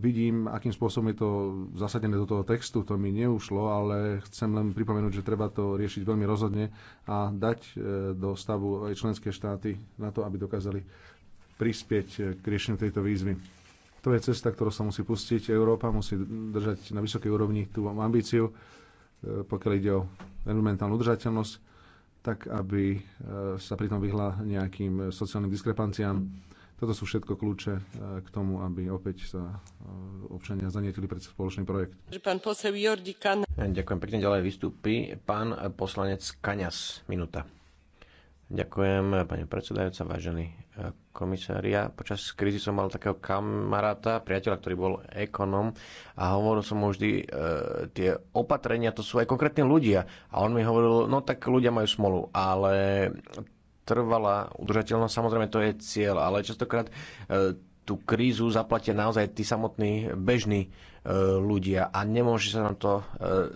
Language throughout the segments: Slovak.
Vidím, akým spôsobom je to zasadené do toho textu, to mi neušlo, ale chcem len pripomenúť, že treba to riešiť veľmi rozhodne a dať e, do stavu aj členské štáty na to, aby dokázali prispieť k riešeniu tejto výzvy. To je cesta, ktorú sa musí pustiť. Európa musí držať na vysokej úrovni tú ambíciu, e, pokiaľ ide o environmentálnu udržateľnosť, tak aby e, sa pritom vyhla nejakým sociálnym diskrepanciám. Toto sú všetko kľúče eh, k tomu, aby opäť sa eh, občania zanietili pred spoločný projekt. pán eh, Ďakujem pekne, ďalej vystúpi pán poslanec Kaňas, minúta. Ďakujem, pani predsedajúca, vážený komisária. Počas krízy som mal takého kamaráta, priateľa, ktorý bol ekonom a hovoril som mu vždy, e, tie opatrenia to sú aj konkrétni ľudia. A on mi hovoril, no tak ľudia majú smolu, ale trvalá udržateľnosť, samozrejme to je cieľ, ale častokrát e, tú krízu zaplatia naozaj tí samotní bežní e, ľudia a nemôže sa nám to e,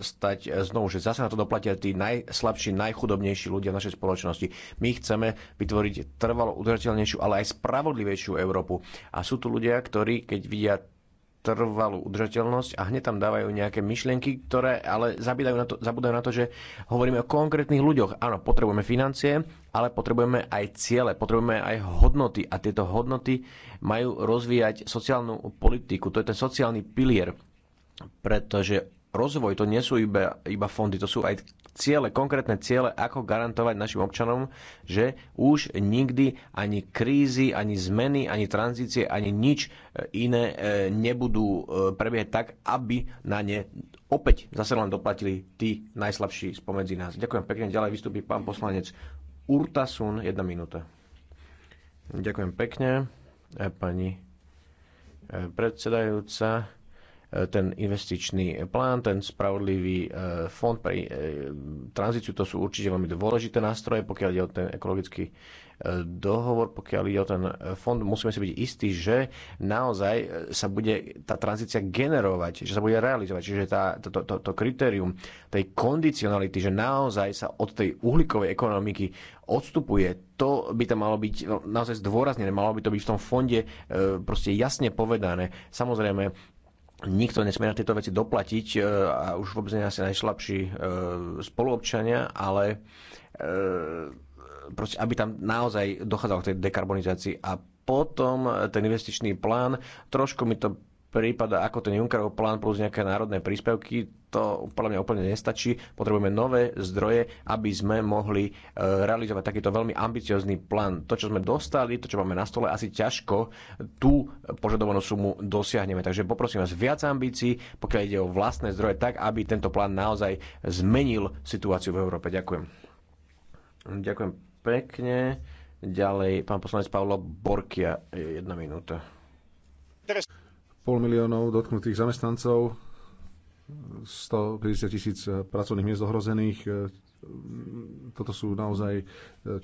stať znovu, že zase na to doplatia tí najslabší, najchudobnejší ľudia v našej spoločnosti. My chceme vytvoriť trvalo udržateľnejšiu, ale aj spravodlivejšiu Európu. A sú tu ľudia, ktorí, keď vidia trvalú udržateľnosť a hneď tam dávajú nejaké myšlienky, ktoré ale zabídajú na to, na to, že hovoríme o konkrétnych ľuďoch. Áno, potrebujeme financie, ale potrebujeme aj ciele, potrebujeme aj hodnoty a tieto hodnoty majú rozvíjať sociálnu politiku. To je ten sociálny pilier, pretože rozvoj. To nie sú iba, iba fondy, to sú aj ciele, konkrétne ciele, ako garantovať našim občanom, že už nikdy ani krízy, ani zmeny, ani tranzície, ani nič e, iné e, nebudú e, prebiehať tak, aby na ne opäť zase len doplatili tí najslabší spomedzi nás. Ďakujem pekne. Ďalej vystúpi pán poslanec Urtasun. Jedna minúta. Ďakujem pekne, pani predsedajúca ten investičný plán, ten spravodlivý e, fond pre e, tranzíciu, to sú určite veľmi dôležité nástroje, pokiaľ ide o ten ekologický e, dohovor, pokiaľ ide o ten fond, musíme si byť istí, že naozaj sa bude tá tranzícia generovať, že sa bude realizovať. Čiže tá, to, to, to kritérium tej kondicionality, že naozaj sa od tej uhlíkovej ekonomiky odstupuje, to by tam malo byť naozaj zdôraznené, malo by to byť v tom fonde proste jasne povedané. Samozrejme, nikto nesmie na tieto veci doplatiť e, a už vôbec nie asi najslabší e, spoluobčania, ale e, proste, aby tam naozaj dochádzalo k tej dekarbonizácii a potom ten investičný plán, trošku mi to prípada ako ten Junckerov plán plus nejaké národné príspevky, to podľa mňa úplne nestačí. Potrebujeme nové zdroje, aby sme mohli e, realizovať takýto veľmi ambiciozný plán. To, čo sme dostali, to, čo máme na stole, asi ťažko tú požadovanú sumu dosiahneme. Takže poprosím vás viac ambícií, pokiaľ ide o vlastné zdroje, tak aby tento plán naozaj zmenil situáciu v Európe. Ďakujem. Ďakujem pekne. Ďalej pán poslanec Pavlo Borkia, jedna minúta pol miliónov dotknutých zamestnancov, 150 tisíc eh, pracovných miest ohrozených. Eh, toto sú naozaj eh,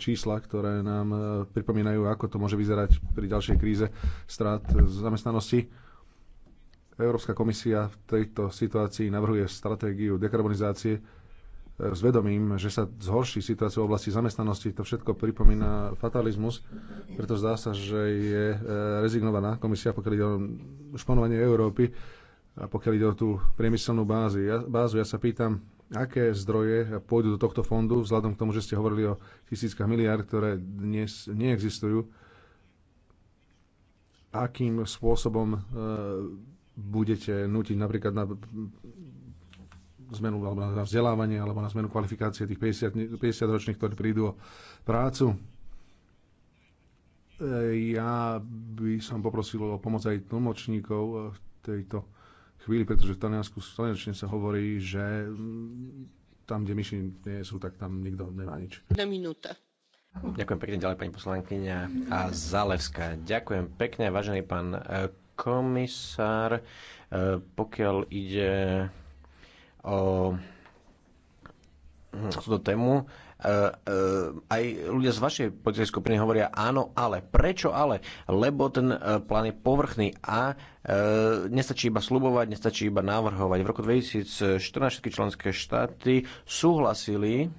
čísla, ktoré nám pripomínajú, ako to môže vyzerať pri ďalšej kríze strát zamestnanosti. Európska komisia v tejto situácii navrhuje stratégiu dekarbonizácie s vedomím, že sa zhorší situácia v oblasti zamestnanosti. To všetko pripomína fatalizmus, preto zdá sa, že je e, rezignovaná komisia, pokiaľ ide o šponovanie Európy a pokiaľ ide o tú priemyselnú bázu. Ja, bázu, ja sa pýtam, aké zdroje pôjdu do tohto fondu, vzhľadom k tomu, že ste hovorili o tisíckach miliárd, ktoré dnes neexistujú. Akým spôsobom e, budete nutiť napríklad na zmenu alebo na vzdelávanie alebo na zmenu kvalifikácie tých 50, 50 ročných, ktorí prídu o prácu. E, ja by som poprosil o pomoc aj tlmočníkov v tejto chvíli, pretože v Taliansku slnečne sa hovorí, že tam, kde myši nie sú, tak tam nikto nemá nič. Na minúta. Ďakujem pekne ďalej, pani poslankyňa a Zalevská. Ďakujem pekne, vážený pán e, komisár. E, pokiaľ ide o túto tému. E, e, aj ľudia z vašej politickej skupiny hovoria áno, ale. Prečo ale? Lebo ten e, plán je povrchný a nestačí iba slubovať, nestačí iba navrhovať. V roku 2014 všetky členské štáty súhlasili,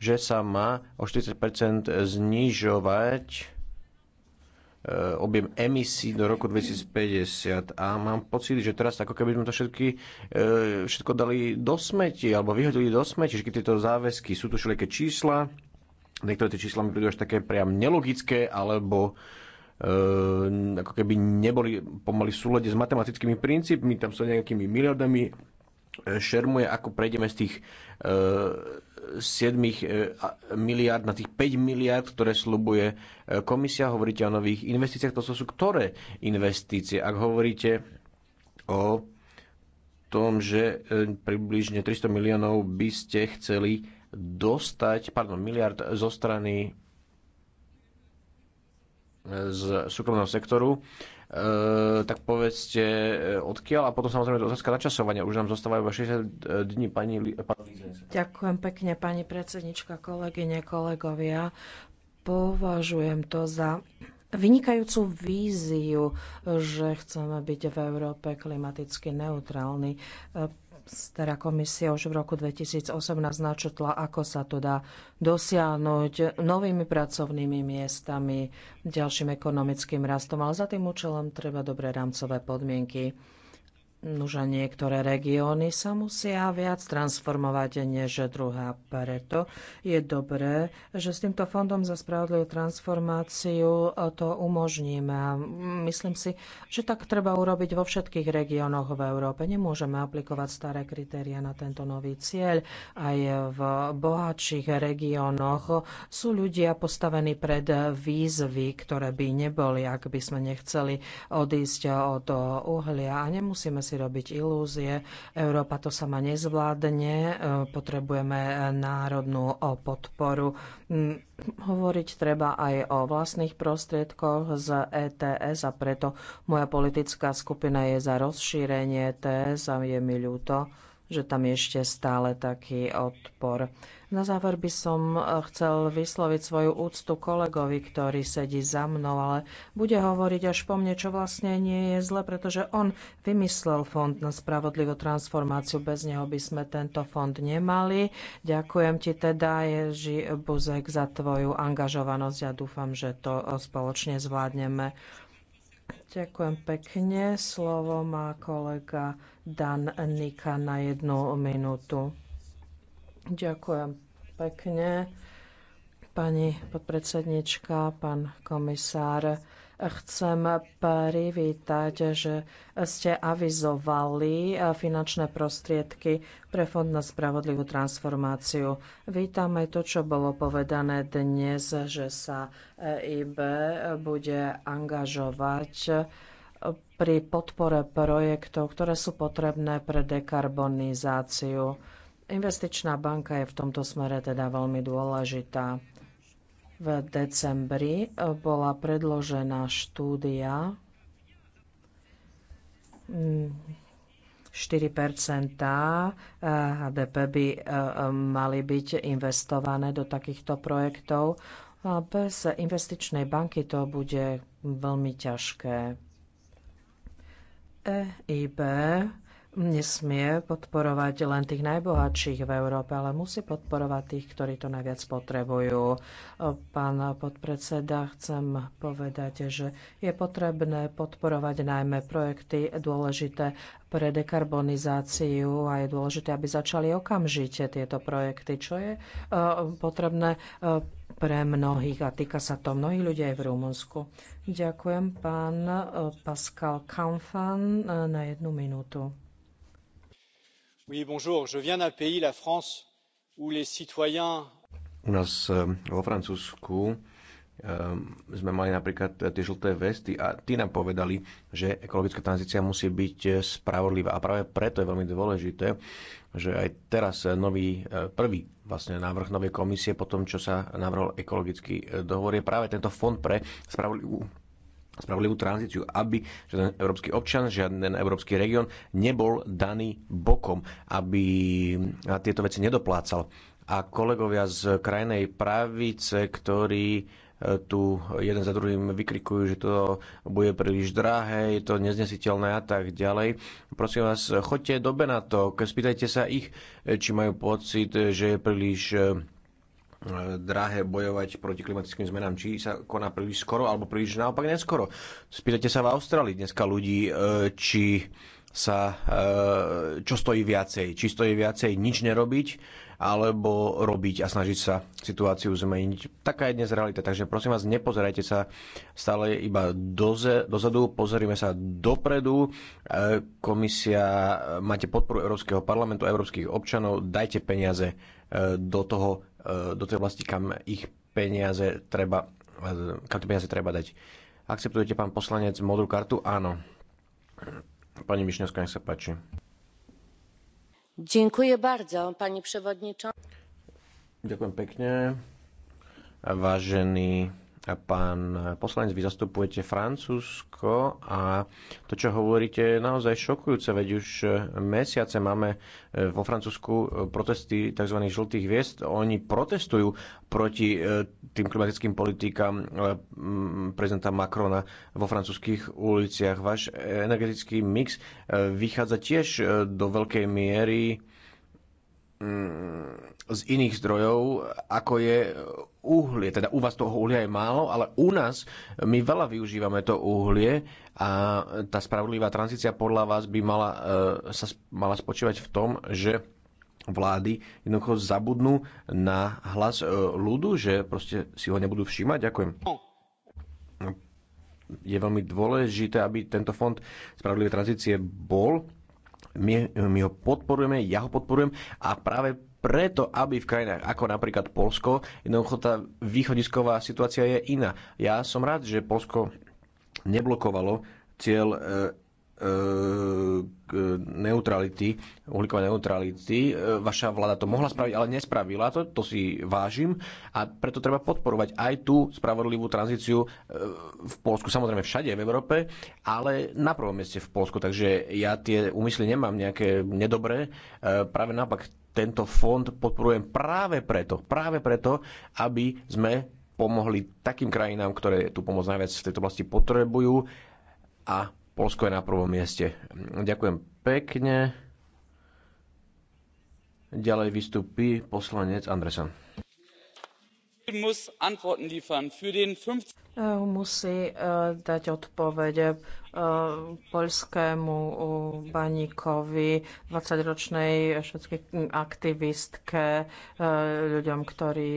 že sa má o 40 znižovať E, objem emisí do roku 2050 a mám pocit, že teraz ako keby sme to všetky, e, všetko dali do smeti alebo vyhodili do smeti, že tieto záväzky sú tu všelijaké čísla, niektoré tie čísla mi prídu až také priam nelogické alebo e, ako keby neboli pomaly v súlade s matematickými princípmi, tam sú nejakými miliardami E, šermuje, ako prejdeme z tých e, 7 e, miliard na tých 5 miliard, ktoré slubuje e, komisia. Hovoríte o nových investíciách. To sú ktoré investície? Ak hovoríte o tom, že približne 300 miliónov by ste chceli dostať, pardon, miliard zo strany z súkromného sektoru. Eh, tak povedzte eh, odkiaľ a potom samozrejme otázka načasovania. Už nám zostávajú 60 eh, dní, pani, pani Ďakujem pekne, pani predsednička, kolegyne, kolegovia. Považujem to za vynikajúcu víziu, že chceme byť v Európe klimaticky neutrálni stará teda komisia už v roku 2018 načrtla, ako sa to dá dosiahnuť novými pracovnými miestami, ďalším ekonomickým rastom, ale za tým účelom treba dobré rámcové podmienky. Nože niektoré regióny sa musia viac transformovať než druhá. Preto je dobré, že s týmto fondom za spravodlivú transformáciu to umožníme. A myslím si, že tak treba urobiť vo všetkých regiónoch v Európe. Nemôžeme aplikovať staré kritéria na tento nový cieľ. Aj v bohatších regiónoch sú ľudia postavení pred výzvy, ktoré by neboli, ak by sme nechceli odísť od uhlia. A nemusíme si si robiť ilúzie. Európa to sama nezvládne, e, potrebujeme národnú e, podporu. Hovoriť treba aj o vlastných prostriedkoch z ETS a preto moja politická skupina je za rozšírenie ETS a je mi ľúto, že tam je ešte stále taký odpor. Na záver by som eh, chcel vysloviť svoju úctu kolegovi, ktorý sedí za mnou, ale bude hovoriť až po mne, čo vlastne nie je zle, pretože on vymyslel fond na spravodlivú transformáciu. Bez neho by sme tento fond nemali. Ďakujem ti teda, Ježi Buzek, za tvoju angažovanosť a ja dúfam, že to eh, spoločne zvládneme. Ďakujem pekne. Slovo má kolega Dan Nika na jednu minútu. Ďakujem pekne. Pani podpredsednička, pán komisár, Chcem privítať, že ste avizovali finančné prostriedky pre Fond na spravodlivú transformáciu. Vítam aj to, čo bolo povedané dnes, že sa EIB bude angažovať pri podpore projektov, ktoré sú potrebné pre dekarbonizáciu. Investičná banka je v tomto smere teda veľmi dôležitá. V decembri eh, bola predložená štúdia 4 eh, HDP by eh, mali byť investované do takýchto projektov. A bez investičnej banky to bude veľmi ťažké. EIB nesmie podporovať len tých najbohatších v Európe, ale musí podporovať tých, ktorí to najviac potrebujú. Pán podpredseda, chcem povedať, že je potrebné podporovať najmä projekty dôležité pre dekarbonizáciu a je dôležité, aby začali okamžite tieto projekty, čo je eh, potrebné eh, pre mnohých a týka sa to mnohých ľudí aj v Rumunsku. Ďakujem pán eh, Pascal Kamfan na jednu minútu je viens d'un pays, la France, où les citoyens... U nás eh, vo Francúzsku eh, sme mali napríklad tie žlté vesty a tí nám povedali, že ekologická tranzícia musí byť eh, spravodlivá. A práve preto je veľmi dôležité, že aj teraz nový, prvý vlastne návrh novej komisie po tom, čo sa navrhol ekologický dohovor, je práve tento fond pre spravodlivú spravodlivú tranzíciu, aby žiaden európsky občan, žiaden európsky región nebol daný bokom, aby na tieto veci nedoplácal. A kolegovia z krajnej pravice, ktorí e, tu jeden za druhým vykrikujú, že to bude príliš drahé, je to neznesiteľné a tak ďalej. Prosím vás, choďte do to, spýtajte sa ich, e, či majú pocit, e, že je príliš E, drahé bojovať proti klimatickým zmenám, či sa koná príliš skoro alebo príliš naopak neskoro. Spýtate sa v Austrálii dneska ľudí, e, či sa, e, čo stojí viacej. Či stojí viacej nič nerobiť, alebo robiť a snažiť sa situáciu zmeniť. Taká je dnes realita, takže prosím vás, nepozerajte sa stále iba doze, dozadu, pozerime sa dopredu. Komisia, máte podporu Európskeho parlamentu, európskych občanov, dajte peniaze do toho, E, do tej oblasti, kam ich peniaze treba, e, kam tie peniaze treba dať. Akceptujete, pán poslanec, modrú kartu? Áno. Pani Mišňovská, nech sa páči. Ďakujem bardzo, pani przewodnicząca. Ďakujem pekne. Vážený Pán poslanec, vy zastupujete Francúzsko a to, čo hovoríte, je naozaj šokujúce, veď už mesiace máme e, vo Francúzsku protesty tzv. žltých hviezd. Oni protestujú proti e, tým klimatickým politikám e, prezidenta Macrona vo francúzských uliciach. Váš energetický mix vychádza tiež do veľkej miery Mm, z iných zdrojov, ako je uhlie. Teda u vás toho uhlia je málo, ale u nás my veľa využívame to uhlie a tá spravodlivá tranzícia podľa vás by mala, e, sa mala spočívať v tom, že vlády jednoducho zabudnú na hlas e, ľudu, že proste si ho nebudú všímať? Ďakujem. Je veľmi dôležité, aby tento fond spravodlivej tranzície bol my, my ho podporujeme, ja ho podporujem a práve preto, aby v krajinách ako napríklad Polsko, jednoducho tá východisková situácia je iná. Ja som rád, že Polsko neblokovalo cieľ e, k neutrality, uhlíkové neutrality. E, vaša vláda to mohla spraviť, ale nespravila to, to si vážim a preto treba podporovať aj tú spravodlivú tranzíciu e, v Polsku, samozrejme všade v Európe, ale na prvom mieste v Polsku, takže ja tie úmysly nemám nejaké nedobré, e, práve naopak tento fond podporujem práve preto, práve preto, aby sme pomohli takým krajinám, ktoré tú pomoc najviac v tejto oblasti potrebujú a Polsko je na prvom mieste. Ďakujem pekne. Ďalej vystupí poslanec Andresan. E, musí e, dať odpovede poľskému e, baníkovi, 20-ročnej švedskej aktivistke, ľuďom, ktorí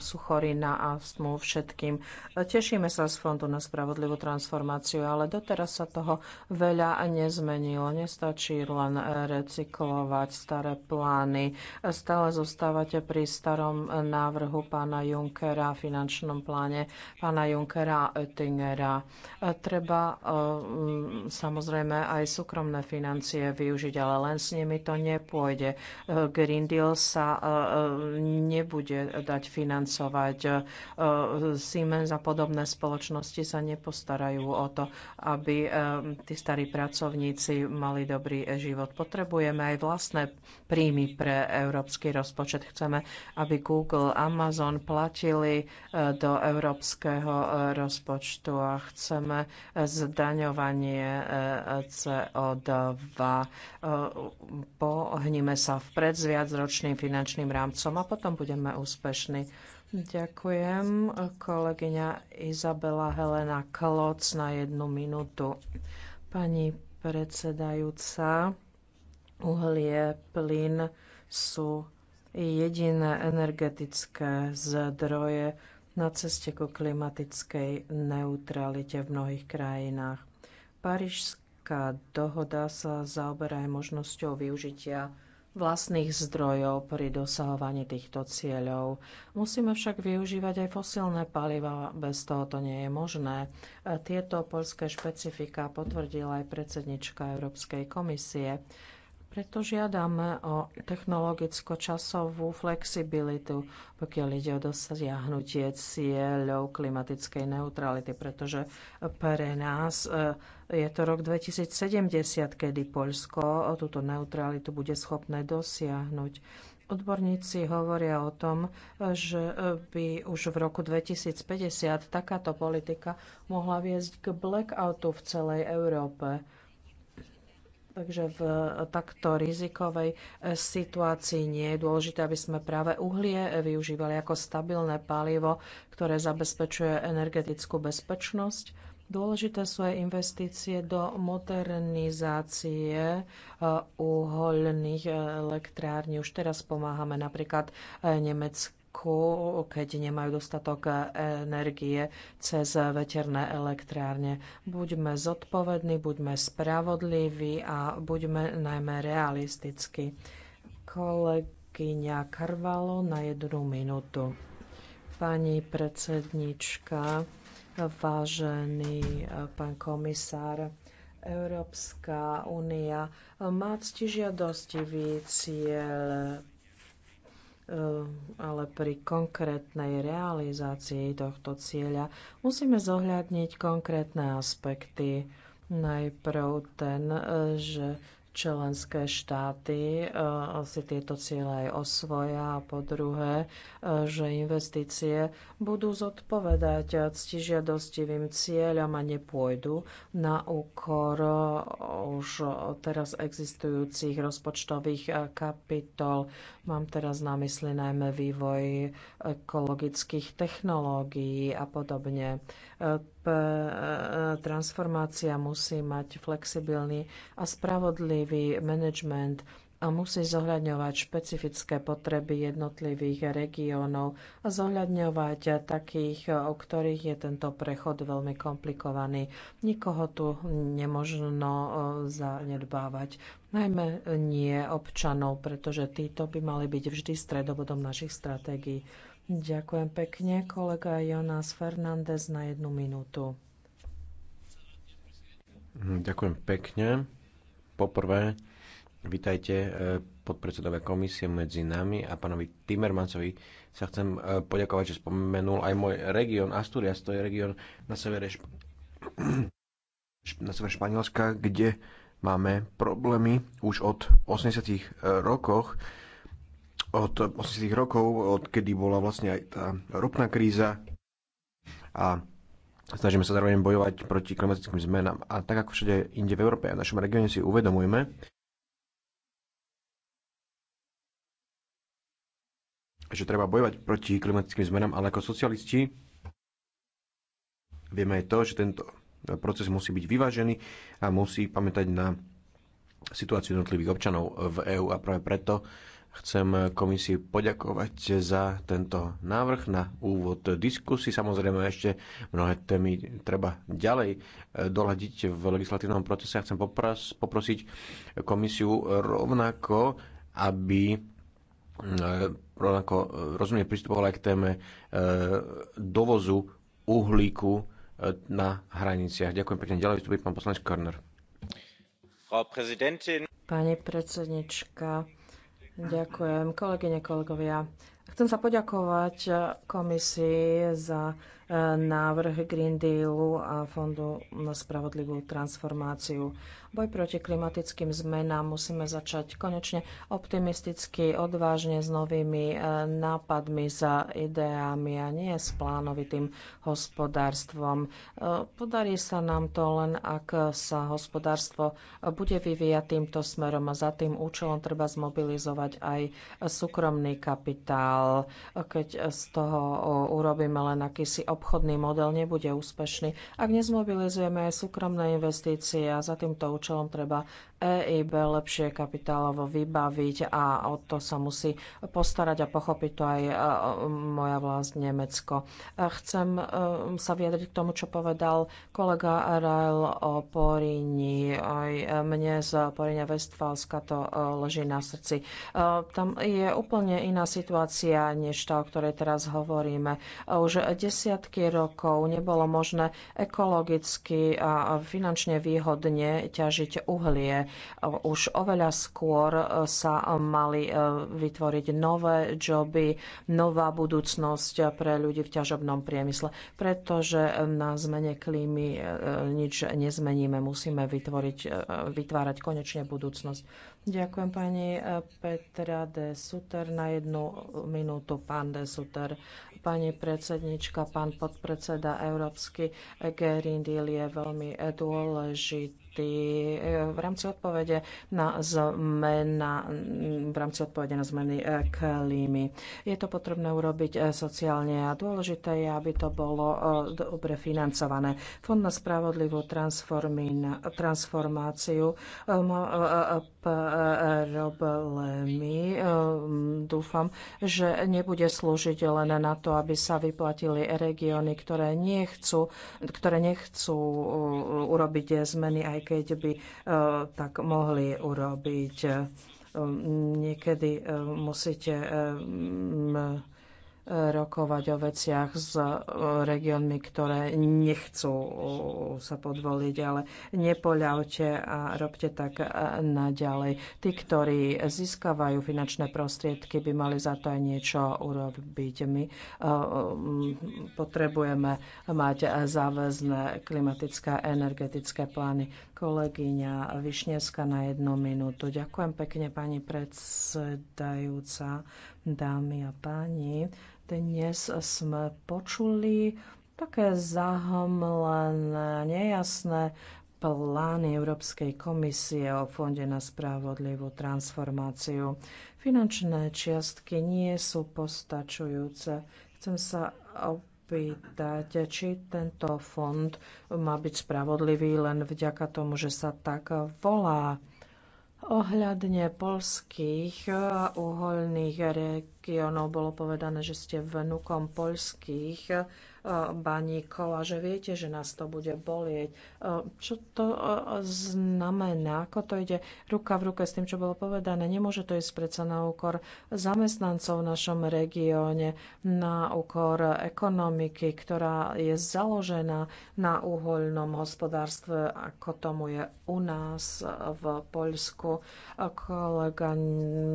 sú chorí na astmu, všetkým. Tešíme sa z Fondu na spravodlivú transformáciu, ale doteraz sa toho veľa nezmenilo. Nestačí len recyklovať staré plány. Stále zostávate pri starom návrhu pána Junkera, finančnom pláne pána Junkera Oettingera, Oettingera. Treba e, samozrejme aj súkromné financie využiť, ale len s nimi to nepôjde. E, Green Deal sa e, nebude dať financovať. Siemens a podobné spoločnosti sa nepostarajú o to, aby tí starí pracovníci mali dobrý život. Potrebujeme aj vlastné príjmy pre európsky rozpočet. Chceme, aby Google, Amazon platili do európskeho rozpočtu a chceme zdaňovanie eh, CO2. Eh, Pohníme sa vpred s viacročným finančným rámcom a potom budeme úspešní. Ďakujem. Kolegyňa Izabela Helena Kloc na jednu minútu. Pani predsedajúca, uhlie, plyn sú jediné energetické zdroje, na ceste ku klimatickej neutralite v mnohých krajinách. Parížská dohoda sa zaoberá aj možnosťou využitia vlastných zdrojov pri dosahovaní týchto cieľov. Musíme však využívať aj fosílne paliva, bez toho to nie je možné. Tieto poľské špecifika potvrdila aj predsednička Európskej komisie. Preto žiadame o technologicko-časovú flexibilitu, pokiaľ ide o dosiahnutie cieľov klimatickej neutrality, pretože pre nás e, je to rok 2070, kedy Poľsko túto neutralitu bude schopné dosiahnuť. Odborníci hovoria o tom, že by už v roku 2050 takáto politika mohla viesť k blackoutu v celej Európe Takže v takto rizikovej eh, situácii nie je dôležité, aby sme práve uhlie eh, využívali ako stabilné palivo, ktoré zabezpečuje energetickú bezpečnosť. Dôležité sú aj investície do modernizácie eh, uholných elektrární. Už teraz pomáhame napríklad Nemecku roku, keď nemajú dostatok energie cez veterné elektrárne. Buďme zodpovední, buďme spravodliví a buďme najmä realistickí. Kolegyňa Karvalo na jednu minútu. Pani predsednička, vážený pán komisár, Európska únia má ctižiadostivý cieľ Eh, ale pri konkrétnej realizácii tohto cieľa musíme zohľadniť konkrétne aspekty. Najprv ten, eh, že členské štáty eh, si tieto ciele aj osvoja a po druhé, že investície budú zodpovedať ctižiadostivým cieľom a nepôjdu na úkor už teraz existujúcich rozpočtových kapitol. Mám teraz na mysli najmä vývoj ekologických technológií a podobne. Transformácia musí mať flexibilný a spravodlivý management a musí zohľadňovať špecifické potreby jednotlivých regiónov a zohľadňovať takých, o ktorých je tento prechod veľmi komplikovaný. Nikoho tu nemožno zanedbávať, najmä nie občanov, pretože títo by mali byť vždy stredobodom našich stratégií. Ďakujem pekne, kolega Jonas Fernández na jednu minútu. Hm, ďakujem pekne. Poprvé, Vítajte e, podpredsedové komisie medzi nami a pánovi Timmermansovi sa chcem e, poďakovať, že spomenul aj môj región Asturias, to je región na severe, Šp... na severe Španielska, kde máme problémy už od 80. E, rokoch, od 80. rokov, od kedy bola vlastne aj tá ropná kríza a snažíme sa zároveň bojovať proti klimatickým zmenám. A tak ako všade inde v Európe a v našom regióne si uvedomujeme, že treba bojovať proti klimatickým zmenám, ale ako socialisti vieme aj to, že tento proces musí byť vyvážený a musí pamätať na situáciu jednotlivých občanov v EÚ a práve preto chcem komisii poďakovať za tento návrh na úvod diskusy. Samozrejme ešte mnohé témy treba ďalej eh, doľadiť v legislatívnom procese a chcem popras, poprosiť komisiu rovnako, aby No, rovnako e, rozumne pristupoval aj k téme e, dovozu uhlíku e, na hraniciach. Ďakujem pekne. Ďalej vystupí pán poslanec Körner. Pani predsednička, ďakujem kolegyne, kolegovia. Chcem sa poďakovať komisii za návrh Green Dealu a Fondu na spravodlivú transformáciu. Boj proti klimatickým zmenám musíme začať konečne optimisticky, odvážne s novými e, nápadmi za ideami a nie s plánovitým hospodárstvom. E, podarí sa nám to len, ak sa hospodárstvo bude vyvíjať týmto smerom a za tým účelom treba zmobilizovať aj súkromný kapitál. Keď z toho e, urobíme len akýsi obchodný model nebude úspešný, ak nezmobilizujeme aj súkromné investície a za týmto účelom treba EIB lepšie kapitálovo vybaviť a o to sa musí postarať a pochopiť to aj e, moja vlast Nemecko. E, chcem e, sa vyjadriť k tomu, čo povedal kolega Rael o Poríni. Aj mne z Poríňa Westfalska to leží na srdci. Tam je úplne iná situácia, než tá, o ktorej teraz hovoríme. Už desiatky desiatky rokov nebolo možné ekologicky a finančne výhodne ťažiť uhlie. Už oveľa skôr sa mali e, vytvoriť nové joby, nová budúcnosť pre ľudí v ťažobnom priemysle, pretože na zmene klímy e, e, nič nezmeníme. Musíme vytvoriť, vytvárať konečne budúcnosť Ďakujem pani eh, Petra de Suter. Na jednu minútu pán de Suter. Pani predsednička, pán podpredseda Európsky Green Deal je veľmi dôležitý pri, e, v rámci odpovede na zmena, v rámci odpovede na zmeny e, klímy. Je to potrebné urobiť e, sociálne a dôležité je, aby to bolo dobre financované. Fond na spravodlivú transformáciu má problémy. Dúfam, že nebude slúžiť len na to, aby sa vyplatili regióny, ktoré nechcú, ktoré nechcú urobiť zmeny aj keď by e, tak mohli urobiť. E, niekedy e, musíte rokovať o veciach s regiónmi, ktoré nechcú sa podvoliť, ale nepoľavte a robte tak naďalej. Tí, ktorí získavajú finančné prostriedky, by mali za to aj niečo urobiť. My potrebujeme mať záväzné klimatické a energetické plány. Kolegyňa Višnevská na jednu minútu. Ďakujem pekne, pani predsedajúca, dámy a páni. Dnes sme počuli také zahomlené, nejasné plány Európskej komisie o Fonde na spravodlivú transformáciu. Finančné čiastky nie sú postačujúce. Chcem sa opýtať, či tento fond má byť spravodlivý len vďaka tomu, že sa tak volá. Ohľadne polských uholných rek. Kionov bolo povedané, že ste vnukom poľských eh, baníkov a že viete, že nás to bude bolieť. Eh, čo to eh, znamená? Ako to ide ruka v ruke s tým, čo bolo povedané? Nemôže to ísť predsa na úkor zamestnancov v našom regióne, na úkor ekonomiky, ktorá je založená na uhoľnom hospodárstve, ako tomu je u nás v Poľsku. Kolega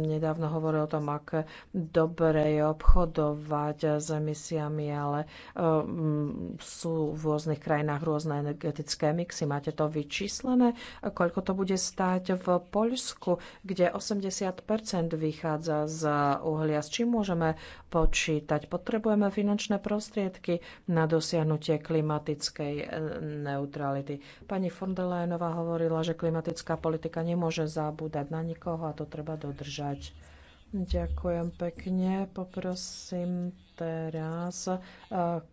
nedávno hovoril o tom, aké do dobre obchodovať s emisiami, ale e, mm, sú v rôznych krajinách rôzne energetické mixy. Máte to vyčíslené, koľko to bude stáť v Poľsku, kde 80 vychádza z uhlia. S čím môžeme počítať? Potrebujeme finančné prostriedky na dosiahnutie klimatickej e, neutrality. Pani von der Leyenová hovorila, že klimatická politika nemôže zabúdať na nikoho a to treba dodržať. Ďakujem pekne. Poprosím teraz eh,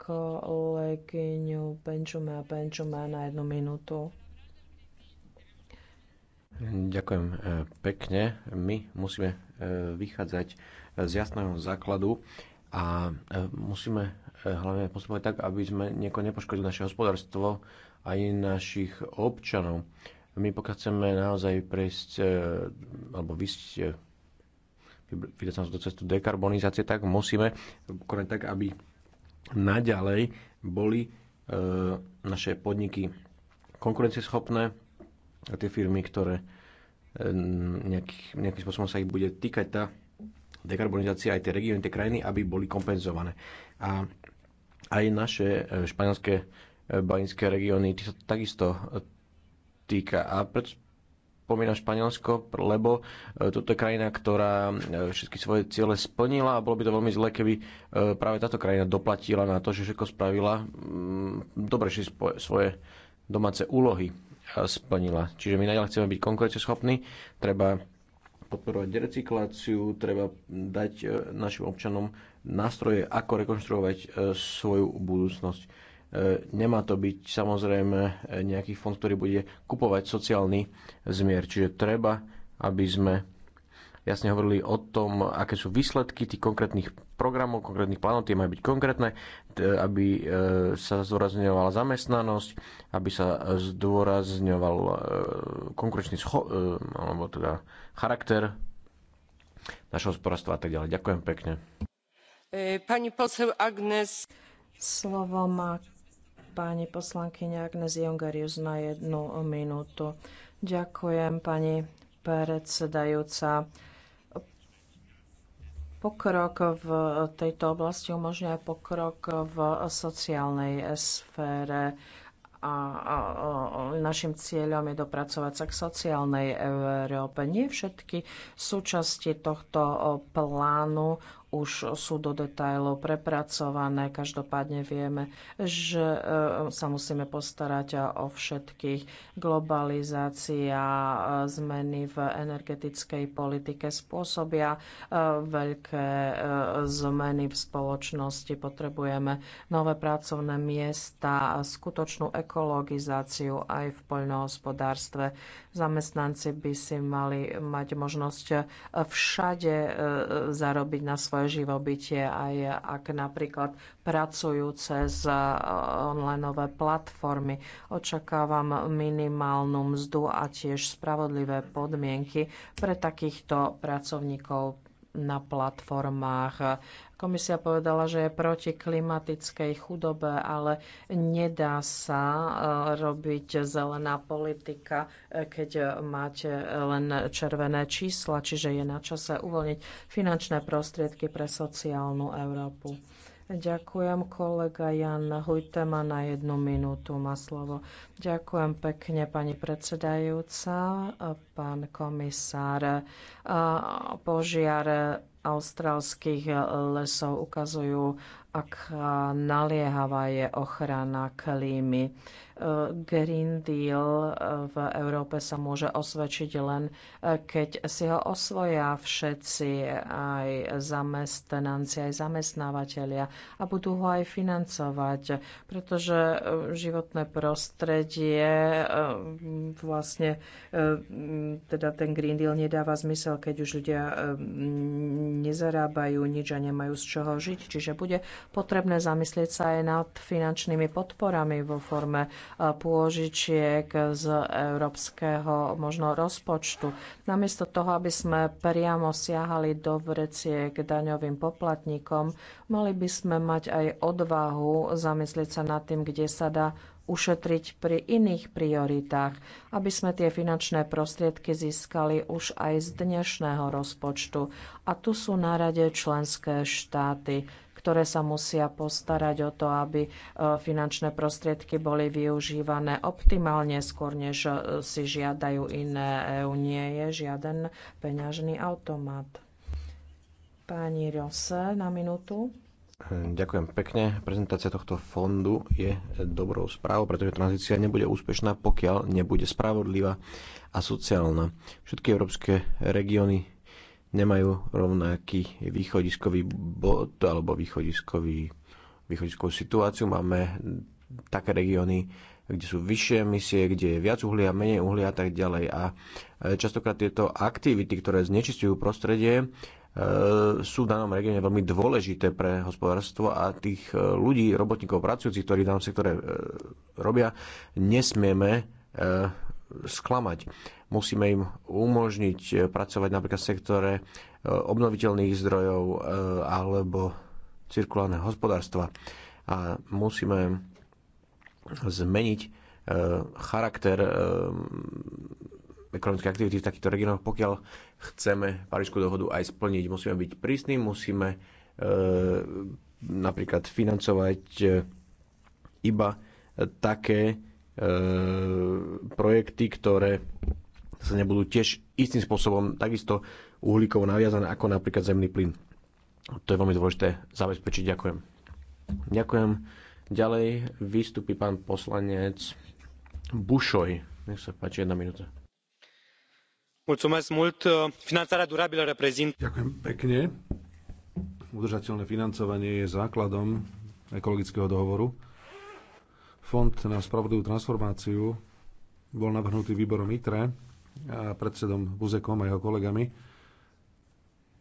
kolegyňu a Benžuma na jednu minútu. Ďakujem eh, pekne. My musíme eh, vychádzať z jasného základu a musíme hlavne postupovať tak, aby sme nieko nepoškodili naše hospodárstvo aj našich občanov. My pokiaľ chceme naozaj prejsť alebo vysť vydať sa na cestu dekarbonizácie, tak musíme konať tak, aby naďalej boli e, naše podniky konkurencieschopné a tie firmy, ktoré e, nejaký, nejakým spôsobom sa ich bude týkať tá dekarbonizácia, aj tie regióny, tie krajiny, aby boli kompenzované. A aj naše e, španielské e, bajinské regióny, tie sa takisto týka. A preto spomína Španielsko, lebo e, toto je krajina, ktorá e, všetky svoje ciele splnila a bolo by to veľmi zle, keby e, práve táto krajina doplatila na to, že všetko spravila mm, dobre že svoje domáce úlohy splnila. Čiže my najďalej chceme byť konkurenceschopní, treba podporovať recykláciu, treba dať našim občanom nástroje, ako rekonštruovať svoju budúcnosť. E, nemá to byť samozrejme nejaký fond, ktorý bude kupovať sociálny zmier. Čiže treba, aby sme jasne hovorili o tom, aké sú výsledky tých konkrétnych programov, konkrétnych plánov, tie majú byť konkrétne, aby e, sa zdôrazňovala zamestnanosť, aby sa zdôrazňoval e, konkrétny alebo teda charakter našho sporastva a tak ďalej. Ďakujem pekne. Pani posel Agnes. Slovo má pani poslankyňa Agnes Jongarius na jednu minútu. Ďakujem, pani predsedajúca. Pokrok v tejto oblasti umožňuje pokrok v sociálnej sfére a, a našim cieľom je dopracovať sa k sociálnej Európe. Nie všetky súčasti tohto plánu už sú do detajlov prepracované. Každopádne vieme, že e, sa musíme postarať o všetkých. Globalizácia, e, zmeny v energetickej politike spôsobia e, veľké zmeny v spoločnosti. Potrebujeme nové pracovné miesta, skutočnú ekologizáciu aj v poľnohospodárstve. Zamestnanci by si mali mať možnosť všade zarobiť na svoje živobytie, aj ak napríklad pracujú cez eh, onlineové platformy. Očakávam minimálnu mzdu a tiež spravodlivé podmienky pre takýchto pracovníkov na platformách. Komisia povedala, že je proti klimatickej chudobe, ale nedá sa eh, robiť zelená politika, eh, keď máte len červené čísla, čiže je na čase uvoľniť finančné prostriedky pre sociálnu Európu. Ďakujem kolega Jan Hujtema na jednu minútu má slovo. Ďakujem pekne pani predsedajúca, eh, pán komisár. Požiar austrálskych eh, lesov ukazujú, aká naliehavá je ochrana klímy. Eh, Green Deal eh, v Európe sa môže osvedčiť len, keď si ho osvoja všetci, aj zamestnanci, aj zamestnávateľia a budú ho aj financovať, pretože životné prostredie vlastne teda ten Green Deal nedáva zmysel, keď už ľudia nezarábajú nič a nemajú z čoho žiť. Čiže bude potrebné zamyslieť sa aj nad finančnými podporami vo forme e, pôžičiek z európskeho možno rozpočtu. Namiesto toho, aby sme priamo siahali do vreciek daňovým poplatníkom, mali by sme mať aj odvahu zamyslieť sa nad tým, kde sa dá ušetriť pri iných prioritách, aby sme tie finančné prostriedky získali už aj z dnešného rozpočtu. A tu sú na rade členské štáty ktoré sa musia postarať o to, aby e, finančné prostriedky boli využívané optimálne skôr, než e, si žiadajú iné. EU nie je žiaden peňažný automat. Pani Rose, na minútu. Ďakujem pekne. Prezentácia tohto fondu je dobrou správou, pretože tranzícia nebude úspešná, pokiaľ nebude spravodlivá a sociálna. Všetky európske regióny nemajú rovnaký východiskový bod alebo východiskový, východiskovú situáciu. Máme také regióny, kde sú vyššie emisie, kde je viac uhlia, menej uhlia a tak ďalej. A častokrát tieto aktivity, ktoré znečistujú prostredie, E, sú v danom regióne veľmi dôležité pre hospodárstvo a tých e, ľudí, robotníkov, pracujúcich, ktorí v danom sektore e, robia, nesmieme sklamať. Musíme im umožniť pracovať napríklad v sektore obnoviteľných zdrojov alebo cirkulárneho hospodárstva. A musíme zmeniť charakter ekonomické aktivity v takýchto regiónoch, pokiaľ chceme Parížskú dohodu aj splniť. Musíme byť prísni, musíme e, napríklad financovať e, iba také e, projekty, ktoré sa nebudú tiež istým spôsobom takisto uhlíkovo naviazané ako napríklad zemný plyn. To je veľmi dôležité zabezpečiť. Ďakujem. Ďakujem. Ďalej vystupí pán poslanec Bušoj. Nech sa páči, jedna minúta finanțarea durabilă reprezintă. Ďakujem pekne. Udržateľné financovanie je základom ekologického dohovoru. Fond na spravodlivú transformáciu bol navrhnutý výborom ITRE a predsedom Buzekom a jeho kolegami,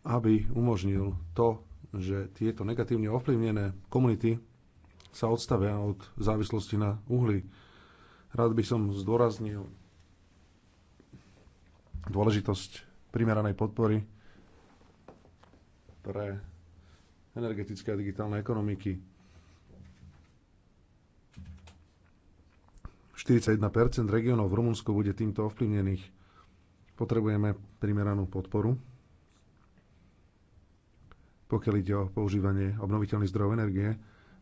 aby umožnil to, že tieto negatívne ovplyvnené komunity sa odstavia od závislosti na uhli. Rád by som zdôraznil dôležitosť primeranej podpory pre energetické a digitálne ekonomiky. 41 regiónov v Rumunsku bude týmto ovplyvnených. Potrebujeme primeranú podporu, pokiaľ ide o používanie obnoviteľných zdrojov energie